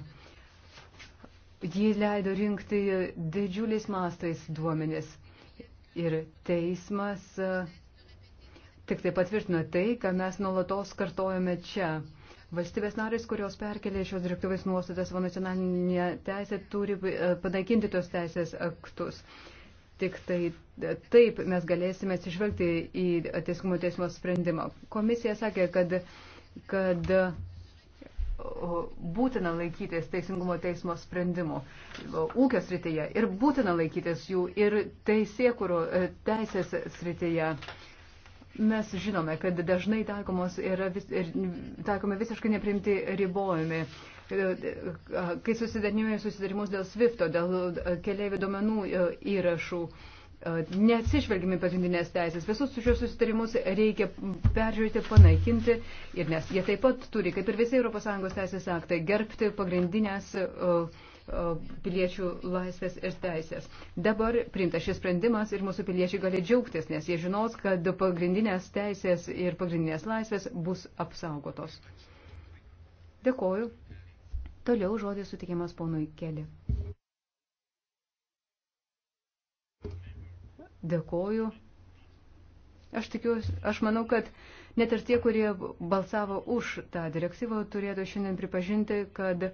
Ji leido rinkti didžiuliais mastais duomenis. Uh, Ir teismas e, tik tai patvirtino tai, ką mes nuolatos kartojame čia. Valstybės narės, kurios perkelė šios direktyvės nuostatas savo nacionalinę teisę, turi e, panaikinti tos teisės aktus. Tik tai e, taip mes galėsime atsižvelgti į teisingumo teismo sprendimą. Komisija sakė, kad, kad būtina laikytis Teisingumo teismo sprendimų ūkio srityje ir būtina laikytis jų ir teisėkuro e, teisės srityje. Mes žinome, kad dažnai taikomos yra vis, ir taikomi visiškai neprimti ribojami. E, e, kai susidarinėjome susidarimus dėl SWIFT, dėl keliaivių duomenų įrašų, E, neatsižvelgimi pagrindinės teisės. Visus šios susitarimus reikia peržiūrėti, panaikinti, ir nes jie taip pat turi, kaip ir visi ES teisės aktai, gerbti pagrindinės e, e, piliečių laisvės ir teisės. Dabar priimtas šis sprendimas ir mūsų piliečiai gali džiaugtis, nes jie žinos, kad pagrindinės teisės ir pagrindinės laisvės bus apsaugotos. Dėkoju. Toliau žodis sutikimas ponui Keli. Dėkoju. Aš tikiuosi, aš manau, kad net ir tie, kurie balsavo už tą direktyvą, turėtų šiandien pripažinti, kad e,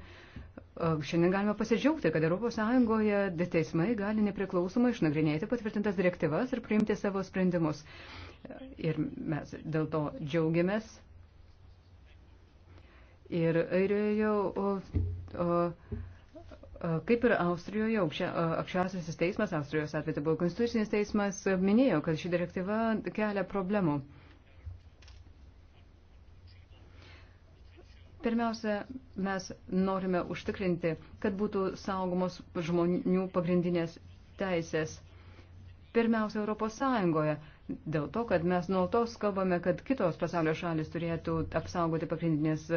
šiandien galime pasidžiaugti, kad ES teismai gali nepriklausomai išnagrinėti patvirtintas direktyvas ir priimti savo sprendimus. Ir mes dėl to džiaugiamės. Ir airijoje. Kaip ir Austrijoje, aukščiausiasis teismas, Austrijos atveju tai buvo konstitucinis teismas, minėjo, kad ši direktyva kelia problemų. Pirmiausia, mes norime užtikrinti, kad būtų saugomos žmonių pagrindinės teisės. Pirmiausia, Europos Sąjungoje. Dėl to, kad mes nuolatos kalbame, kad kitos pasaulio šalis turėtų apsaugoti pagrindinės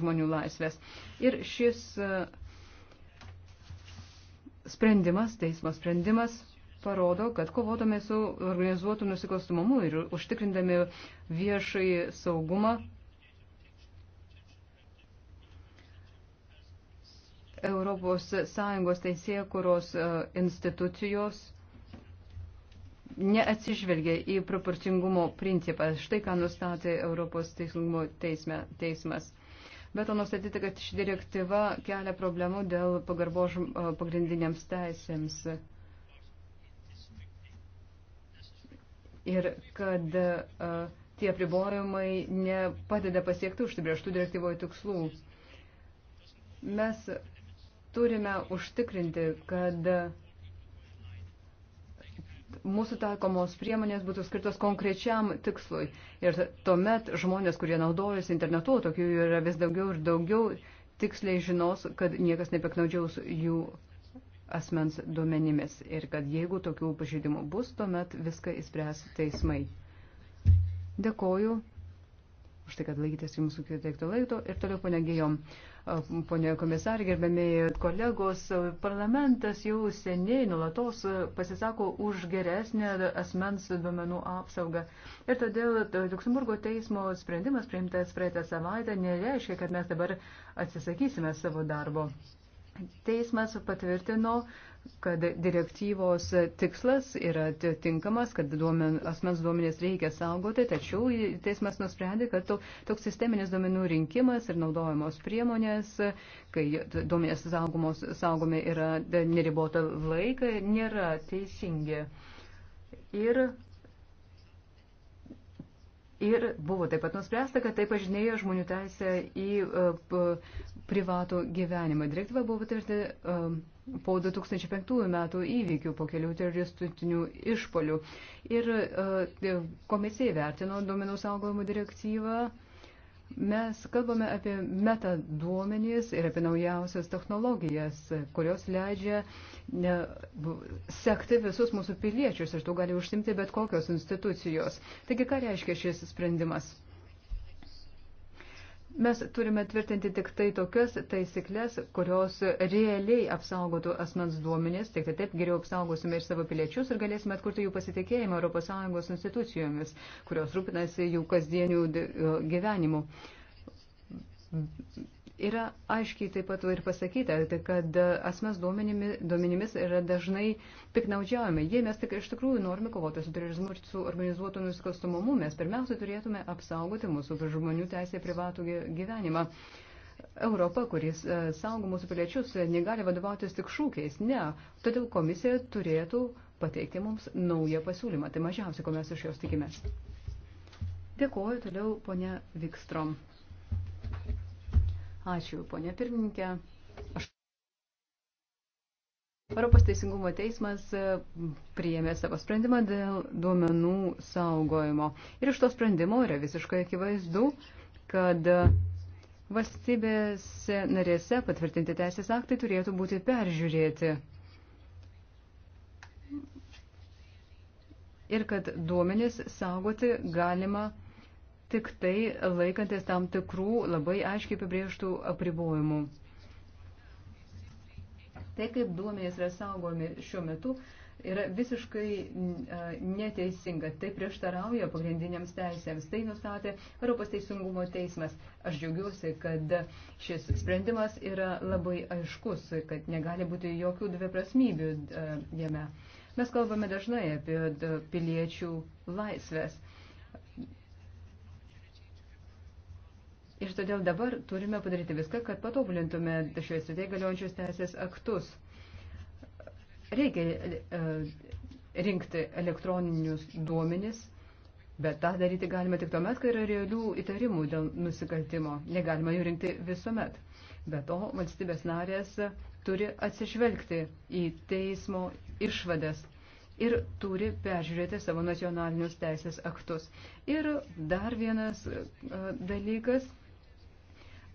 žmonių laisvės. Ir šis uh, sprendimas, teismo sprendimas parodo, kad kovodami su organizuotu nusikalstumumu ir užtikrindami viešai saugumą, ES teisėkuros e, institucijos neatsižvelgia į proporcingumo principą. Štai ką nustatė Europos teisingumo teisme, teismas bet to nustatyti, kad ši direktyva kelia problemų dėl pagarbo pagrindiniams teisėms. Ir kad uh, tie pribojimai nepadeda pasiekti užsibrieštų direktyvoje tikslų. Mes turime užtikrinti, kad uh, mūsų taikomos priemonės būtų skirtos konkrečiam tikslui. Ir tuomet žmonės, kurie naudojasi internetu, tokių yra vis daugiau ir daugiau, tiksliai žinos, kad niekas nepiknaudžiaus jų asmens duomenimis ir kad jeigu tokių pažydimų bus, tuomet viską įspręs teismai. Dėkoju už tai, kad laikytės jums sukitekto laiko ir toliau panegėjom. Pone komisarė, gerbėmiai kolegos, parlamentas jau seniai nulatos pasisako už geresnę asmens duomenų apsaugą. Ir todėl Luksemburgo teismo sprendimas priimtas praeitą savaitę nereiškia, kad mes dabar atsisakysime savo darbo. Teismas patvirtino uh, kad direktyvos tikslas yra tinkamas, kad duomen, asmens duomenės reikia saugoti, tačiau teismas nusprendė, kad to, toks sisteminis duomenų rinkimas ir naudojamos priemonės, kai duomenės saugomos, saugomi yra neribota laiką, nėra teisingi. Ir Ir buvo taip pat nuspręsta, kad tai pažinėjo žmonių teisę į e, privatų gyvenimą. Direktyva buvo patvirtinta um, po 2005 metų įvykių, po kelių teroristinių išpolių. Ir uh, komisija vertino duomenų saugojimo direktyvą. Mes kalbame apie metaduomenys ir apie naujausias technologijas, kurios leidžia ne, sekti visus mūsų piliečius ir to gali užsimti bet kokios institucijos. Taigi, ką reiškia šis sprendimas? Mes turime tvirtinti tik tai tokias taisyklės, kurios realiai apsaugotų asmens duomenės, tik tai taip geriau apsaugosime ir savo piliečius ir galėsime atkurti jų pasitikėjimą ES institucijomis, kurios rūpinasi jų kasdienių e, gyvenimu. Yra aiškiai taip pat ir pasakyta, tai kad asmens duomenimis yra dažnai piknaudžiaujami. Jei mes tik iš tikrųjų norime kovoti su terorizmu ir su organizuotu nusikalstamumu, mes pirmiausia turėtume apsaugoti mūsų žmonių teisę privatų gyvenimą. Europa, kuris e, saugo mūsų piliečius, e, negali vadovautis tik šūkiais. Ne, todėl komisija turėtų pateikti mums naują pasiūlymą. Tai mažiausia, ko mes iš jos tikimės. Dėkuoju toliau, ponia Vikstrom. Ačiū, ponė pirmininkė. Aš... Europos Teisingumo teismas e, priėmė savo sprendimą dėl duomenų saugojimo. Ir iš to sprendimo yra visiškai akivaizdu, kad valstybės narėse patvirtinti teisės aktai turėtų būti peržiūrėti. Ir kad duomenis saugoti galima tik tai laikantis tam tikrų labai aiškiai apibrieštų apribojimų. Tai kaip duomenys yra saugomi šiuo metu, yra visiškai neteisinga. Tai prieštarauja pagrindiniams teisėms. Tai nustatė Europos teisingumo teismas. Aš džiaugiuosi, kad šis sprendimas yra labai aiškus, kad negali būti jokių dviprasmybių jame. Mes kalbame dažnai apie piliečių laisvės. Ir todėl dabar turime padaryti viską, kad patobulintume šioje srityje galiojančius teisės aktus. Reikia e, rinkti elektroninius duomenis, bet tą daryti galima tik tuomet, kai yra realių įtarimų dėl nusikaltimo. Negalima jų rinkti visuomet. Be to, valstybės narės turi atsižvelgti į teismo išvadas ir turi peržiūrėti savo nacionalinius teisės aktus. Ir dar vienas e, dalykas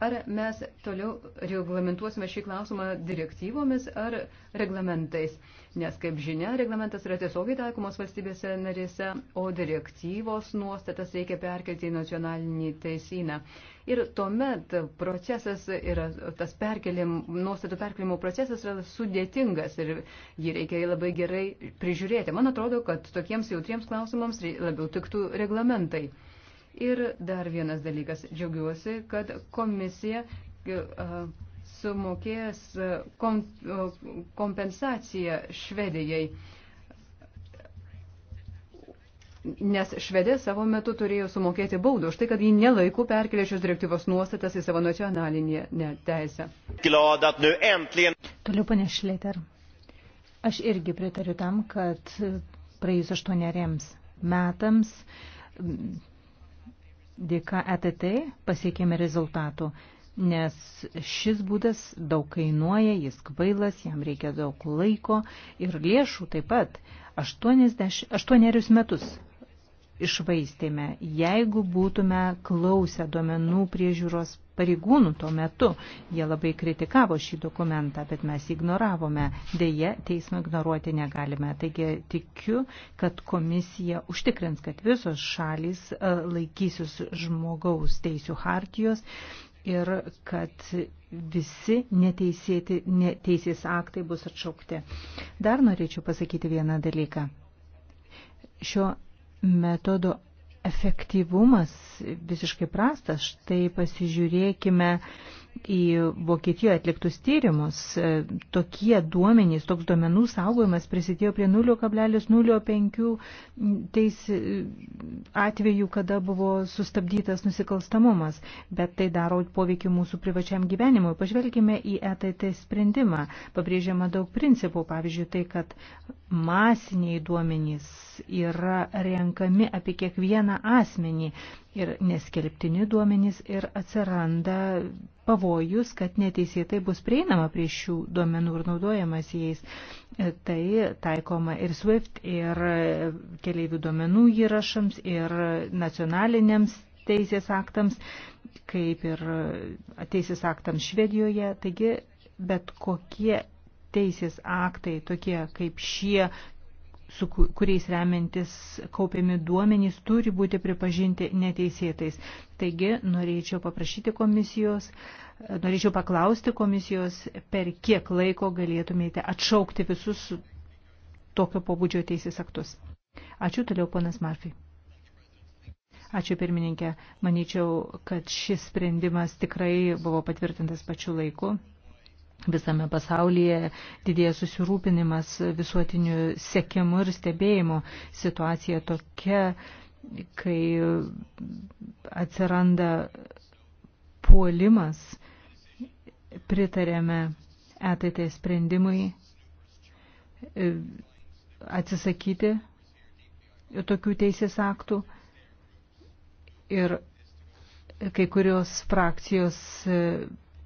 Ar mes toliau reglamentuosime šį klausimą direktyvomis ar reglamentais? Nes, kaip žinia, reglamentas yra tiesiogiai taikomos valstybėse narėse, o direktyvos nuostatas reikia perkelti į nacionalinį teisyną. Ir tuomet procesas yra, tas perkelim, nuostatų perkelimo procesas yra sudėtingas ir jį reikia labai gerai prižiūrėti. Man atrodo, kad tokiems jautriems klausimams labiau tiktų reglamentai. Ir dar vienas dalykas, džiaugiuosi, kad komisija e, sumokės e, e, kompensaciją Švedijai, nes Švedė savo metu turėjo sumokėti baudų už tai, kad jį nelaikų perkelė šios direktyvos nuostatas į savo nacionalinį teisę. Nu Toliau panė Šleiter. Aš irgi pritariu tam, kad praėjus aštuoneriems metams dėka ETT pasiekėme rezultatų, nes šis būdas daug kainuoja, jis kvailas, jam reikia daug laiko ir lėšų taip pat. 80, 8 metus išvaistėme, jeigu būtume klausę duomenų priežiūros pareigūnų tuo metu. Jie labai kritikavo šį dokumentą, bet mes ignoravome. Deja, teismo ignoruoti negalime. Taigi tikiu, kad komisija užtikrins, kad visos šalys e, laikysius žmogaus teisų hartijos ir kad visi neteisėti, neteisės aktai bus atšaukti. Dar norėčiau pasakyti vieną dalyką. Šio metodo efektyvumas visiškai prastas. Štai pasižiūrėkime į Vokietijoje atliktus tyrimus, e, tokie duomenys, toks duomenų saugojimas prisidėjo prie 0,05 teis e, atvejų, kada buvo sustabdytas nusikalstamumas, bet tai daro poveikį mūsų privačiam gyvenimui. Pažvelkime į ETT sprendimą. Pabrėžiama daug principų, pavyzdžiui, tai, kad masiniai duomenys yra renkami apie kiekvieną asmenį ir neskelbtini duomenys ir atsiranda pavojus, kad neteisėtai bus prieinama prie šių duomenų ir naudojamas jais. E, tai taikoma ir SWIFT, ir e, keliaivių duomenų įrašams, ir nacionaliniams teisės aktams, kaip ir e, teisės aktams Švedijoje. Taigi, bet kokie teisės aktai, tokie kaip šie, su kuriais remiantis kaupiami duomenys, turi būti pripažinti neteisėtais. Taigi norėčiau paprašyti komisijos, norėčiau paklausti komisijos, per kiek laiko galėtumėte atšaukti visus tokio pobūdžio teisės aktus. Ačiū toliau, ponas Marfai. Ačiū pirmininkė. Manyčiau, kad šis sprendimas tikrai buvo patvirtintas pačiu laiku. Visame pasaulyje didėja susirūpinimas visuotiniu sekimu ir stebėjimu. Situacija tokia, kai atsiranda puolimas, pritarėme ETT sprendimui e, atsisakyti tokių teisės aktų ir kai kurios frakcijos e,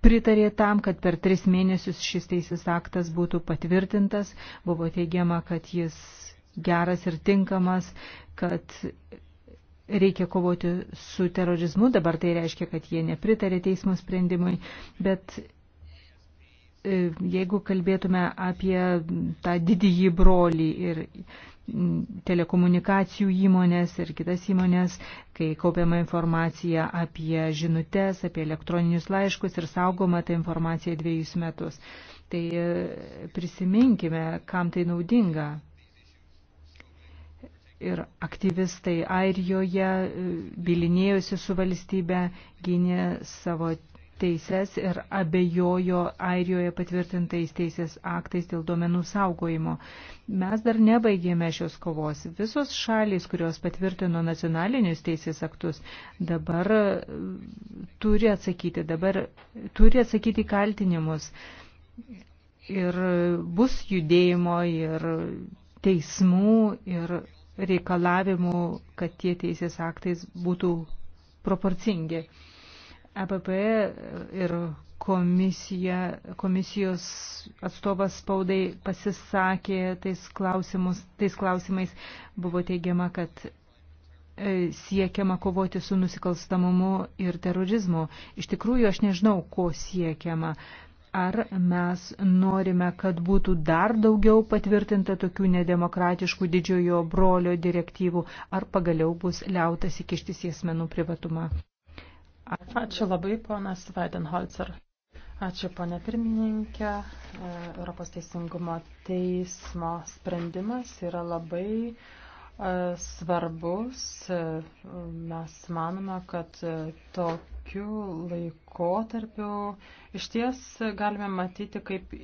pritarė tam, kad per tris mėnesius šis teisės aktas būtų patvirtintas. Buvo teigiama, kad jis geras ir tinkamas, kad reikia kovoti su terorizmu. Dabar tai reiškia, kad jie nepritarė teismo sprendimui, bet E, jeigu kalbėtume apie tą didįjį brolį ir telekomunikacijų įmonės ir kitas įmonės, kai kaupiama informacija apie žinutės, apie elektroninius laiškus ir saugoma ta informacija dviejus metus. Tai e, prisiminkime, kam tai naudinga. Ir aktyvistai Airijoje e, bilinėjusi su valstybe gynė savo teises ir abejojo Airijoje patvirtintais teisės aktais dėl duomenų saugojimo. Mes dar nebaigėme šios kovos. Visos šalys, kurios patvirtino nacionalinius teisės aktus, dabar e, turi atsakyti, dabar turi atsakyti kaltinimus. Ir bus judėjimo ir teismų ir reikalavimų, kad tie teisės aktais būtų proporcingi. EPP ir komisija, komisijos atstovas spaudai pasisakė tais, tais klausimais. Buvo teigiama, kad e, siekiama kovoti su nusikalstamumu ir terorizmu. Iš tikrųjų, aš nežinau, ko siekiama. Ar mes norime, kad būtų dar daugiau patvirtinta tokių nedemokratiškų didžiojo brolio direktyvų, ar pagaliau bus liautas įkištis į asmenų privatumą? Ačiū, Ačiū labai, ponas Weidenholzer. Ačiū, ponė pirmininkė. E, Europos teisingumo teismo sprendimas yra labai e, svarbus. E, mes manome, kad tokiu laikotarpiu iš ties galime matyti, kaip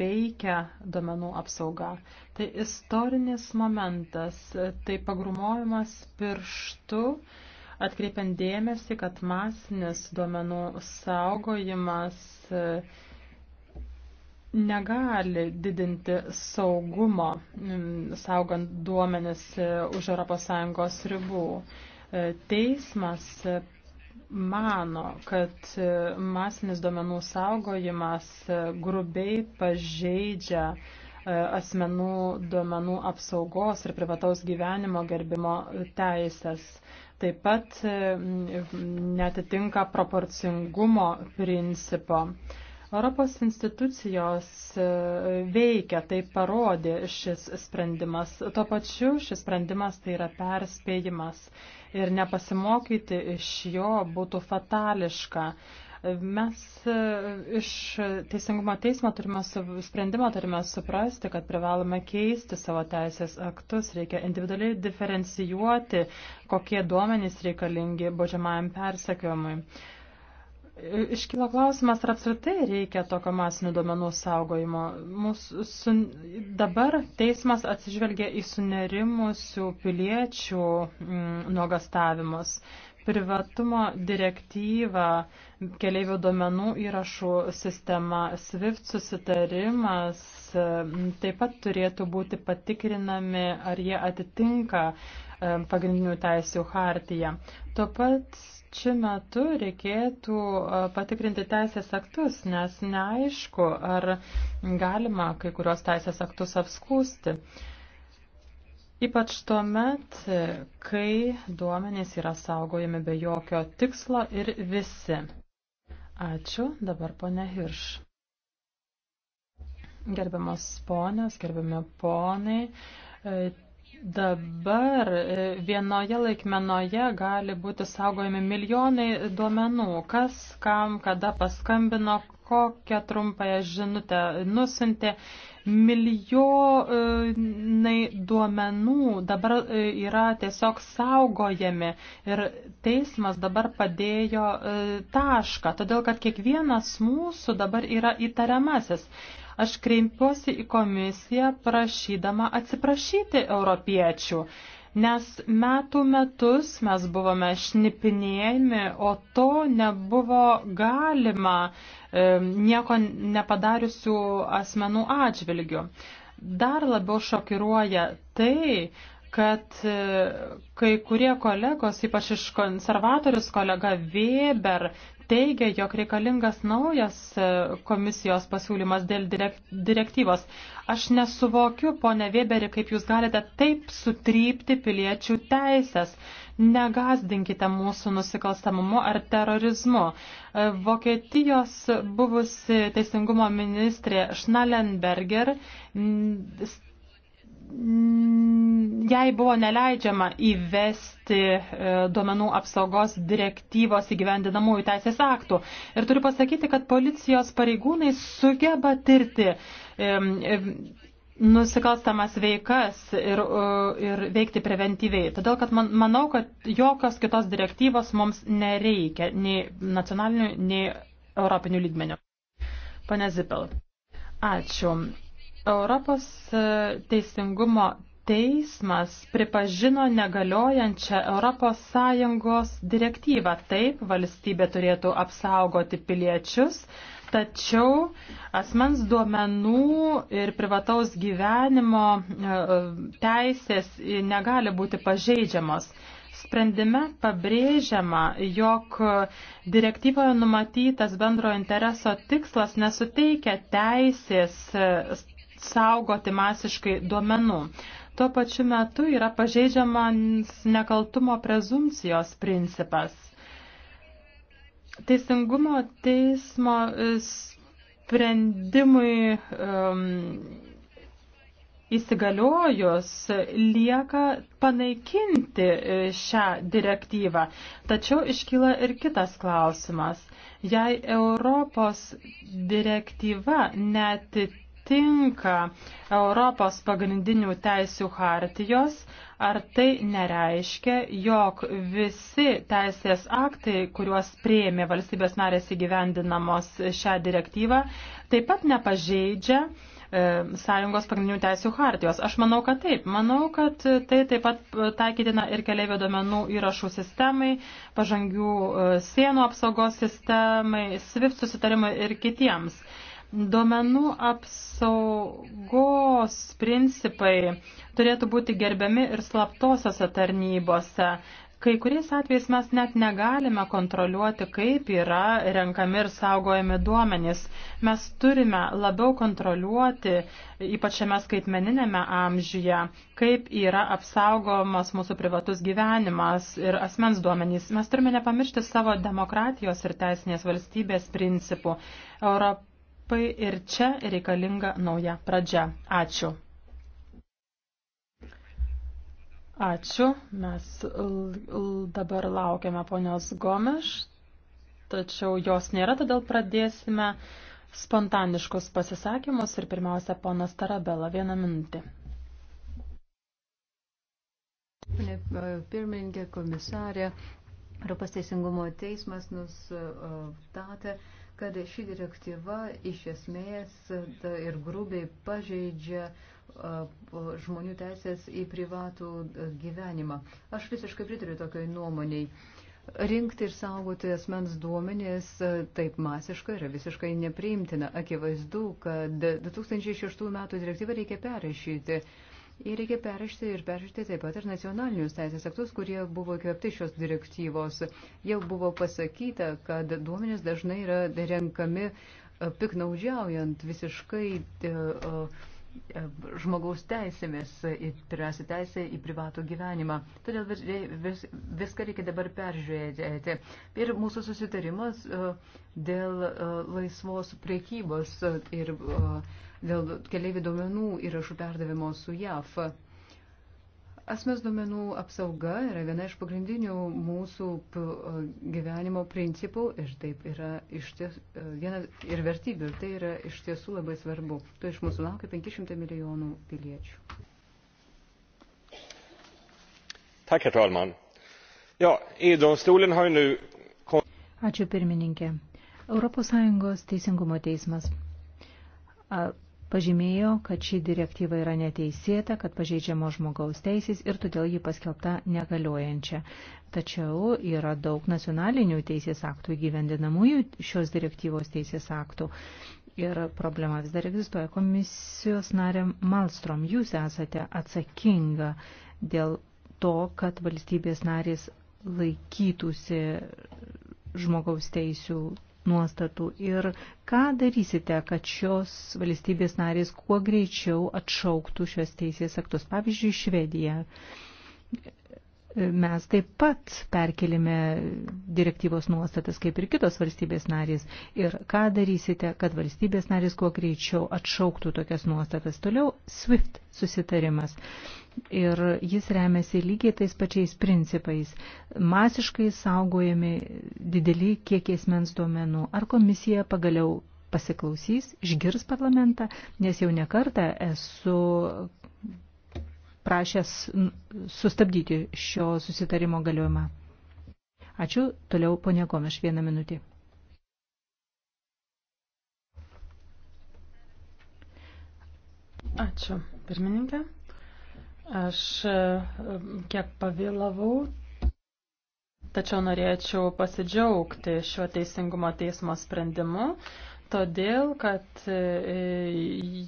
veikia domenų apsauga. Tai istorinis momentas, tai pagrumojimas pirštu atkreipiant dėmesį, kad masinis duomenų saugojimas e, negali didinti saugumo, saugant duomenis e, už ES ribų. E, teismas mano, kad masinis duomenų saugojimas grubiai pažeidžia asmenų duomenų apsaugos ir privataus gyvenimo gerbimo teisės taip pat e, netitinka proporcingumo principo. Europos institucijos e, veikia, tai parodė šis sprendimas. Tuo pačiu šis sprendimas tai yra perspėjimas ir nepasimokyti iš jo būtų fatališka. Mes e, iš Teisingumo teismo turime su, sprendimą turime suprasti, kad privalome keisti savo teisės aktus, reikia individualiai diferencijuoti, kokie duomenys reikalingi baudžiamajam persekiojimui. Iškilo klausimas, ar apskritai reikia tokio masinių duomenų saugojimo. Mūsų, su, dabar teismas atsižvelgia į sunerimusių piliečių mm, nuogastavimus. Mm, privatumo direktyvą, keliaivių duomenų įrašų sistema, SWIFT susitarimas e, taip pat turėtų būti patikrinami, ar jie atitinka e, pagrindinių teisių hartiją. Tuo pat čia metu reikėtų e, patikrinti teisės aktus, nes neaišku, ar galima kai kurios teisės aktus apskūsti. Ypač tuo met, kai duomenys yra saugojami be jokio tikslo ir visi. Ačiū, dabar ponia Hirš. Gerbiamas ponios, gerbiami ponai, e, Dabar e, vienoje laikmenoje gali būti saugojami milijonai duomenų, kas kam, kada paskambino, kokią trumpąją žinutę nusintė Milijonai e, duomenų dabar e, yra tiesiog saugojami ir teismas dabar padėjo e, tašką, todėl kad kiekvienas mūsų dabar yra įtariamasis. Aš kreipiuosi į komisiją prašydama atsiprašyti europiečių nes metų metus mes buvome šnipinėjami, o to nebuvo galima e, nieko nepadariusių asmenų atžvilgių. Dar labiau šokiruoja tai, kad e, kai kurie kolegos, ypač iš konservatorius kolega Weber, teigia, jog reikalingas naujas e, komisijos pasiūlymas dėl direktyvos. Aš nesuvokiu, ponė Weberi, kaip jūs galite taip sutrypti piliečių teisės. Negazdinkite mūsų nusikalstamumu ar terorizmu. E, Vokietijos buvusi teisingumo ministrė Schnalenberger Mm, jai buvo neleidžiama įvesti e, duomenų apsaugos direktyvos įgyvendinamųjų teisės aktų. Ir turiu pasakyti, kad policijos pareigūnai sugeba tirti nusikalstamas veikas ir, ir veikti preventyviai. Todėl, kad man, manau, kad jokios kitos direktyvos mums nereikia, nei nacionalinių, nei europinių lygmenių. Pane Zipel, ačiū. Europos e, teisingumo teismas pripažino negaliojančią ES direktyvą. Taip, valstybė turėtų apsaugoti piliečius, tačiau asmens duomenų ir privataus gyvenimo e, teisės negali būti pažeidžiamos. Sprendime pabrėžiama, jog direktyvoje numatytas bendro intereso tikslas nesuteikia teisės saugoti masiškai duomenų. Tuo pačiu metu yra pažeidžiamas nekaltumo prezumcijos principas. Teisingumo teismo e, sprendimui um, įsigaliojus lieka panaikinti e, šią direktyvą. Tačiau iškyla ir kitas klausimas. Jei Europos direktyva netit neatitinka Europos pagrindinių teisių hartijos, ar tai nereiškia, jog visi teisės aktai, kuriuos prieimė valstybės narės įgyvendinamos šią direktyvą, taip pat nepažeidžia e, Sąjungos pagrindinių teisių hartijos. Aš manau, kad taip. Manau, kad tai taip pat taikytina ir keliaivio domenų įrašų sistemai, pažangių e, sienų apsaugos sistemai, SWIFT susitarimai ir kitiems. Duomenų apsaugos principai turėtų būti gerbiami ir slaptosiose tarnybose. Kai kuriais atvejais mes net negalime kontroliuoti, kaip yra renkami ir saugojami duomenys. Mes turime labiau kontroliuoti, ypač šiame skaitmeninėme amžiuje, kaip yra apsaugomas mūsų privatus gyvenimas ir asmens duomenys. Mes turime nepamiršti savo demokratijos ir teisinės valstybės principų. Europa Europai ir čia reikalinga nauja pradžia. Ačiū. Ačiū. Mes dabar laukiame ponios Gomeš, tačiau jos nėra, todėl pradėsime spontaniškus pasisakymus ir pirmiausia ponas Tarabela vieną minutį. E, pirmininkė, komisarė, Europos teisingumo teismas nustatė, e, e, uh, kad ši direktyva iš esmės ir grubiai pažeidžia žmonių teisės į privatų gyvenimą. Aš visiškai pritariu tokiai nuomoniai. Rinkti ir saugoti asmens duomenės taip masiškai yra visiškai nepriimtina. Akivaizdu, kad 2006 metų direktyvą reikia perrašyti Ir reikia perrašyti ir perrašyti taip pat ir nacionalinius teisės aktus, kurie buvo įkvėpti šios direktyvos. Jau buvo pasakyta, kad duomenys dažnai yra renkami e, piknaudžiaujant visiškai e, e, žmogaus teisėmis, pirmiausia teisė į privatų gyvenimą. Todėl vis, vis, viską reikia dabar peržiūrėti. Ir mūsų susitarimas dėl laisvos priekybos ir uh, dėl keliaivių duomenų įrašų perdavimo su JAF. Asmens duomenų apsauga yra viena iš pagrindinių mūsų gyvenimo principų ir taip yra iš ties, viena ir vertybių, ir tai yra iš tiesų labai svarbu. To iš mūsų laukia 500 milijonų piliečių. Herr talman! Ja, EU-domstolen har ju nu... Ačiū pirmininkė. Europos Sąjungos teisingumo teismas pažymėjo, kad ši direktyva yra neteisėta, kad pažeidžiamo žmogaus teisės ir todėl ji paskelbta negaliojančia. Tačiau yra daug nacionalinių teisės aktų įgyvendinamųjų šios direktyvos teisės aktų. Ir problema vis dar egzistuoja. Komisijos narė Malstrom, jūs esate atsakinga dėl to, kad valstybės narės laikytųsi žmogaus teisų nuostatų ir ką darysite, kad šios valstybės narės kuo greičiau atšauktų šios teisės aktus, pavyzdžiui, Švedija mes taip pat perkelime direktyvos nuostatas kaip ir kitos valstybės narys. Ir ką darysite, kad valstybės narys kuo greičiau atšauktų tokias nuostatas? Toliau SWIFT susitarimas. Ir jis remiasi lygiai tais pačiais principais. Masiškai saugojami dideli kiekiai asmens duomenų. Ar komisija pagaliau pasiklausys, išgirs parlamentą, nes jau nekartą esu paprašęs sustabdyti šio susitarimo galiojimą. Ačiū. Toliau ponė Gomeš vieną minutį. Ačiū, pirmininkė. Aš e, kiek pavėlavau, tačiau norėčiau pasidžiaugti šiuo teisingumo teismo sprendimu, todėl kad e,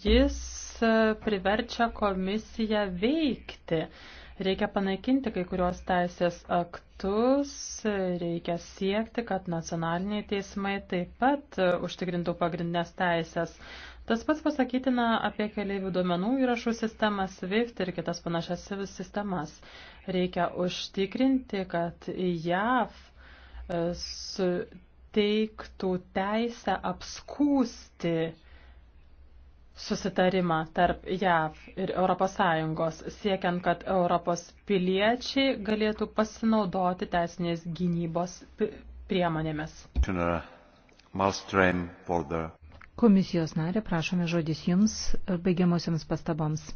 jis priverčia komisiją veikti. Reikia panaikinti kai kurios teisės aktus, reikia siekti, kad nacionaliniai teismai taip pat užtikrintų pagrindinės teisės. Tas pats pasakytina apie keliaivių duomenų įrašų sistemą SWIFT ir kitas panašias sistemas. Reikia užtikrinti, kad JAV e, suteiktų teisę apskūsti susitarimą tarp JAV ir ES, siekiant, kad Europos piliečiai galėtų pasinaudoti teisinės gynybos priemonėmis. Komisijos narė, prašome žodis Jums baigiamosiams pastaboms.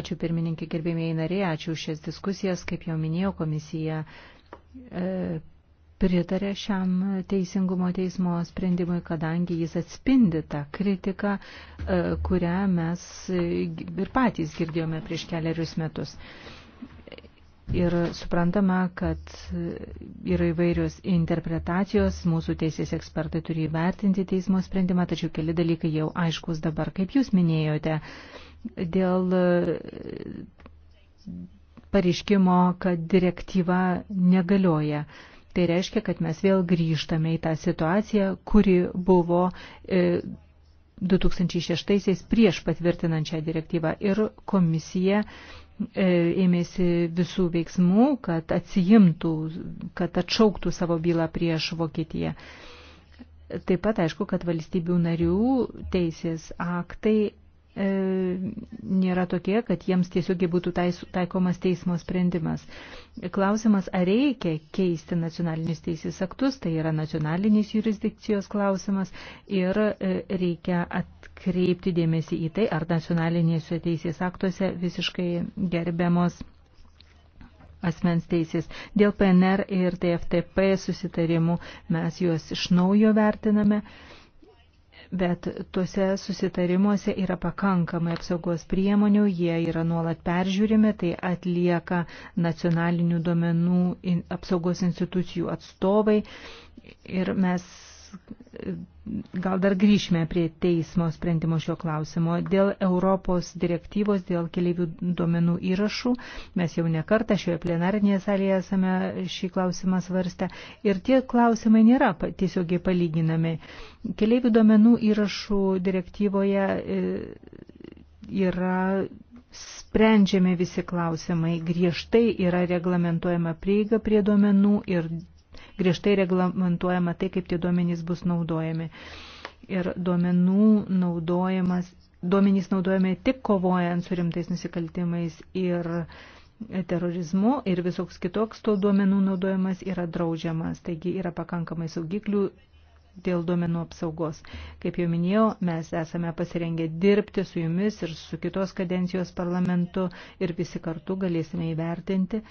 Ačiū pirmininkė gerbėmiai nariai, ačiū už šias diskusijas, kaip jau minėjau, komisija e, pritarė šiam teisingumo teismo sprendimui, kadangi jis atspindi tą kritiką, e, kurią mes ir patys girdėjome prieš keliarius metus. Ir suprantama, kad yra įvairios interpretacijos, mūsų teisės ekspertai turi įvertinti teismo sprendimą, tačiau keli dalykai jau aiškus dabar, kaip jūs minėjote, dėl e, pareiškimo, kad direktyva negalioja. Tai reiškia, kad mes vėl grįžtame į tą situaciją, kuri buvo 2006 e, prieš patvirtinant šią direktyvą ir komisija e, ėmėsi visų veiksmų, kad atsijimtų, kad atšauktų savo bylą prieš Vokietiją. Taip pat aišku, kad valstybių narių teisės aktai E, nėra tokie, kad jiems tiesiogiai būtų taikomas teismo sprendimas. Klausimas, ar reikia keisti nacionalinius teisės aktus, tai yra nacionalinės jurisdikcijos klausimas ir e, reikia atkreipti dėmesį į tai, ar nacionalinėse teisės aktuose visiškai gerbiamos asmens teisės. Dėl PNR ir TFTP susitarimų mes juos iš naujo vertiname bet tuose susitarimuose yra pakankamai apsaugos priemonių, jie yra nuolat peržiūrimi, tai atlieka nacionalinių duomenų apsaugos institucijų atstovai ir mes gal dar grįžime prie teismo sprendimo šio klausimo. Dėl Europos direktyvos, dėl keliaivių duomenų įrašų, mes jau nekartą šioje plenarinėje salėje esame šį klausimą svarstę ir tie klausimai nėra tiesiogiai palyginami. Keliaivių duomenų įrašų direktyvoje e, yra sprendžiami visi klausimai, griežtai yra reglamentuojama prieiga prie duomenų ir griežtai reglamentuojama tai, kaip tie duomenys bus naudojami. Ir duomenų naudojimas, duomenys naudojami tik kovojant su rimtais nusikaltimais ir terorizmu ir visoks kitoks to duomenų naudojimas yra draudžiamas. Taigi yra pakankamai saugiklių dėl duomenų apsaugos. Kaip jau minėjau, mes esame pasirengę dirbti su jumis ir su kitos kadencijos parlamentu ir visi kartu galėsime įvertinti,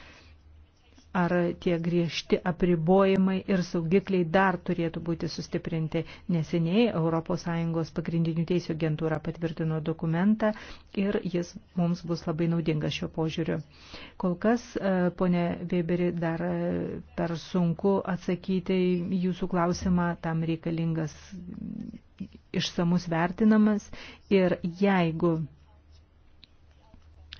ar tie griežti apribojimai ir saugikliai dar turėtų būti sustiprinti. Neseniai ES pagrindinių teisų agentūra patvirtino dokumentą ir jis mums bus labai naudingas šiuo požiūriu. Kol kas, e, ponė Weberi, dar e, per sunku atsakyti jūsų klausimą, tam reikalingas išsamus vertinamas ir jeigu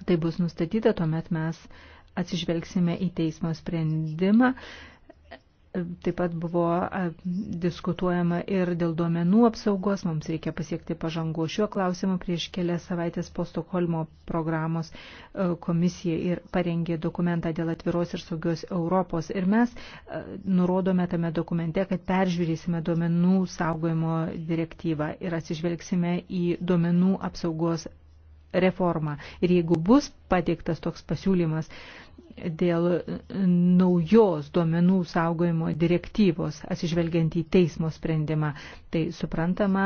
tai bus nustatyta, tuomet mes uh, atsižvelgsime į teismo sprendimą. Taip pat buvo diskutuojama ir dėl duomenų apsaugos. Mums reikia pasiekti pažangų šiuo klausimu. Prieš kelias savaitės po Stokholmo programos komisija ir parengė dokumentą dėl atviros ir saugios Europos. Ir mes nurodome tame dokumente, kad peržiūrėsime duomenų saugojimo direktyvą ir atsižvelgsime į duomenų apsaugos reformą. Ir jeigu bus pateiktas toks pasiūlymas dėl naujos duomenų saugojimo direktyvos, atsižvelgiant į teismo sprendimą, tai suprantama,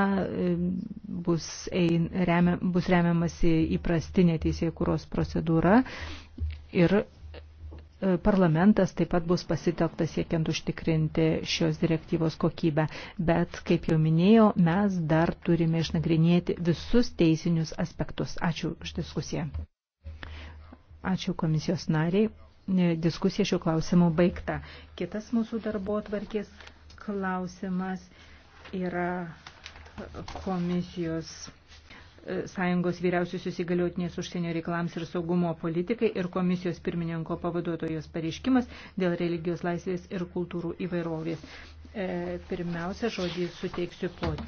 bus, ein, remia, bus remiamasi įprastinė teisėjų kūros procedūra ir E, parlamentas taip pat bus pasitelktas siekiant užtikrinti šios direktyvos kokybę, bet, kaip jau minėjau, mes dar turime išnagrinėti visus teisinius aspektus. Ačiū už diskusiją. Ačiū komisijos nariai. E, diskusija šiuo klausimu baigta. Kitas mūsų darbo atvarkės klausimas yra komisijos Sąjungos vyriausiosios įgaliotinės užsienio reikalams ir saugumo politikai ir komisijos pirmininko pavaduotojos pareiškimas dėl religijos laisvės ir kultūrų įvairovės. E, pirmiausia, žodį suteiksiu po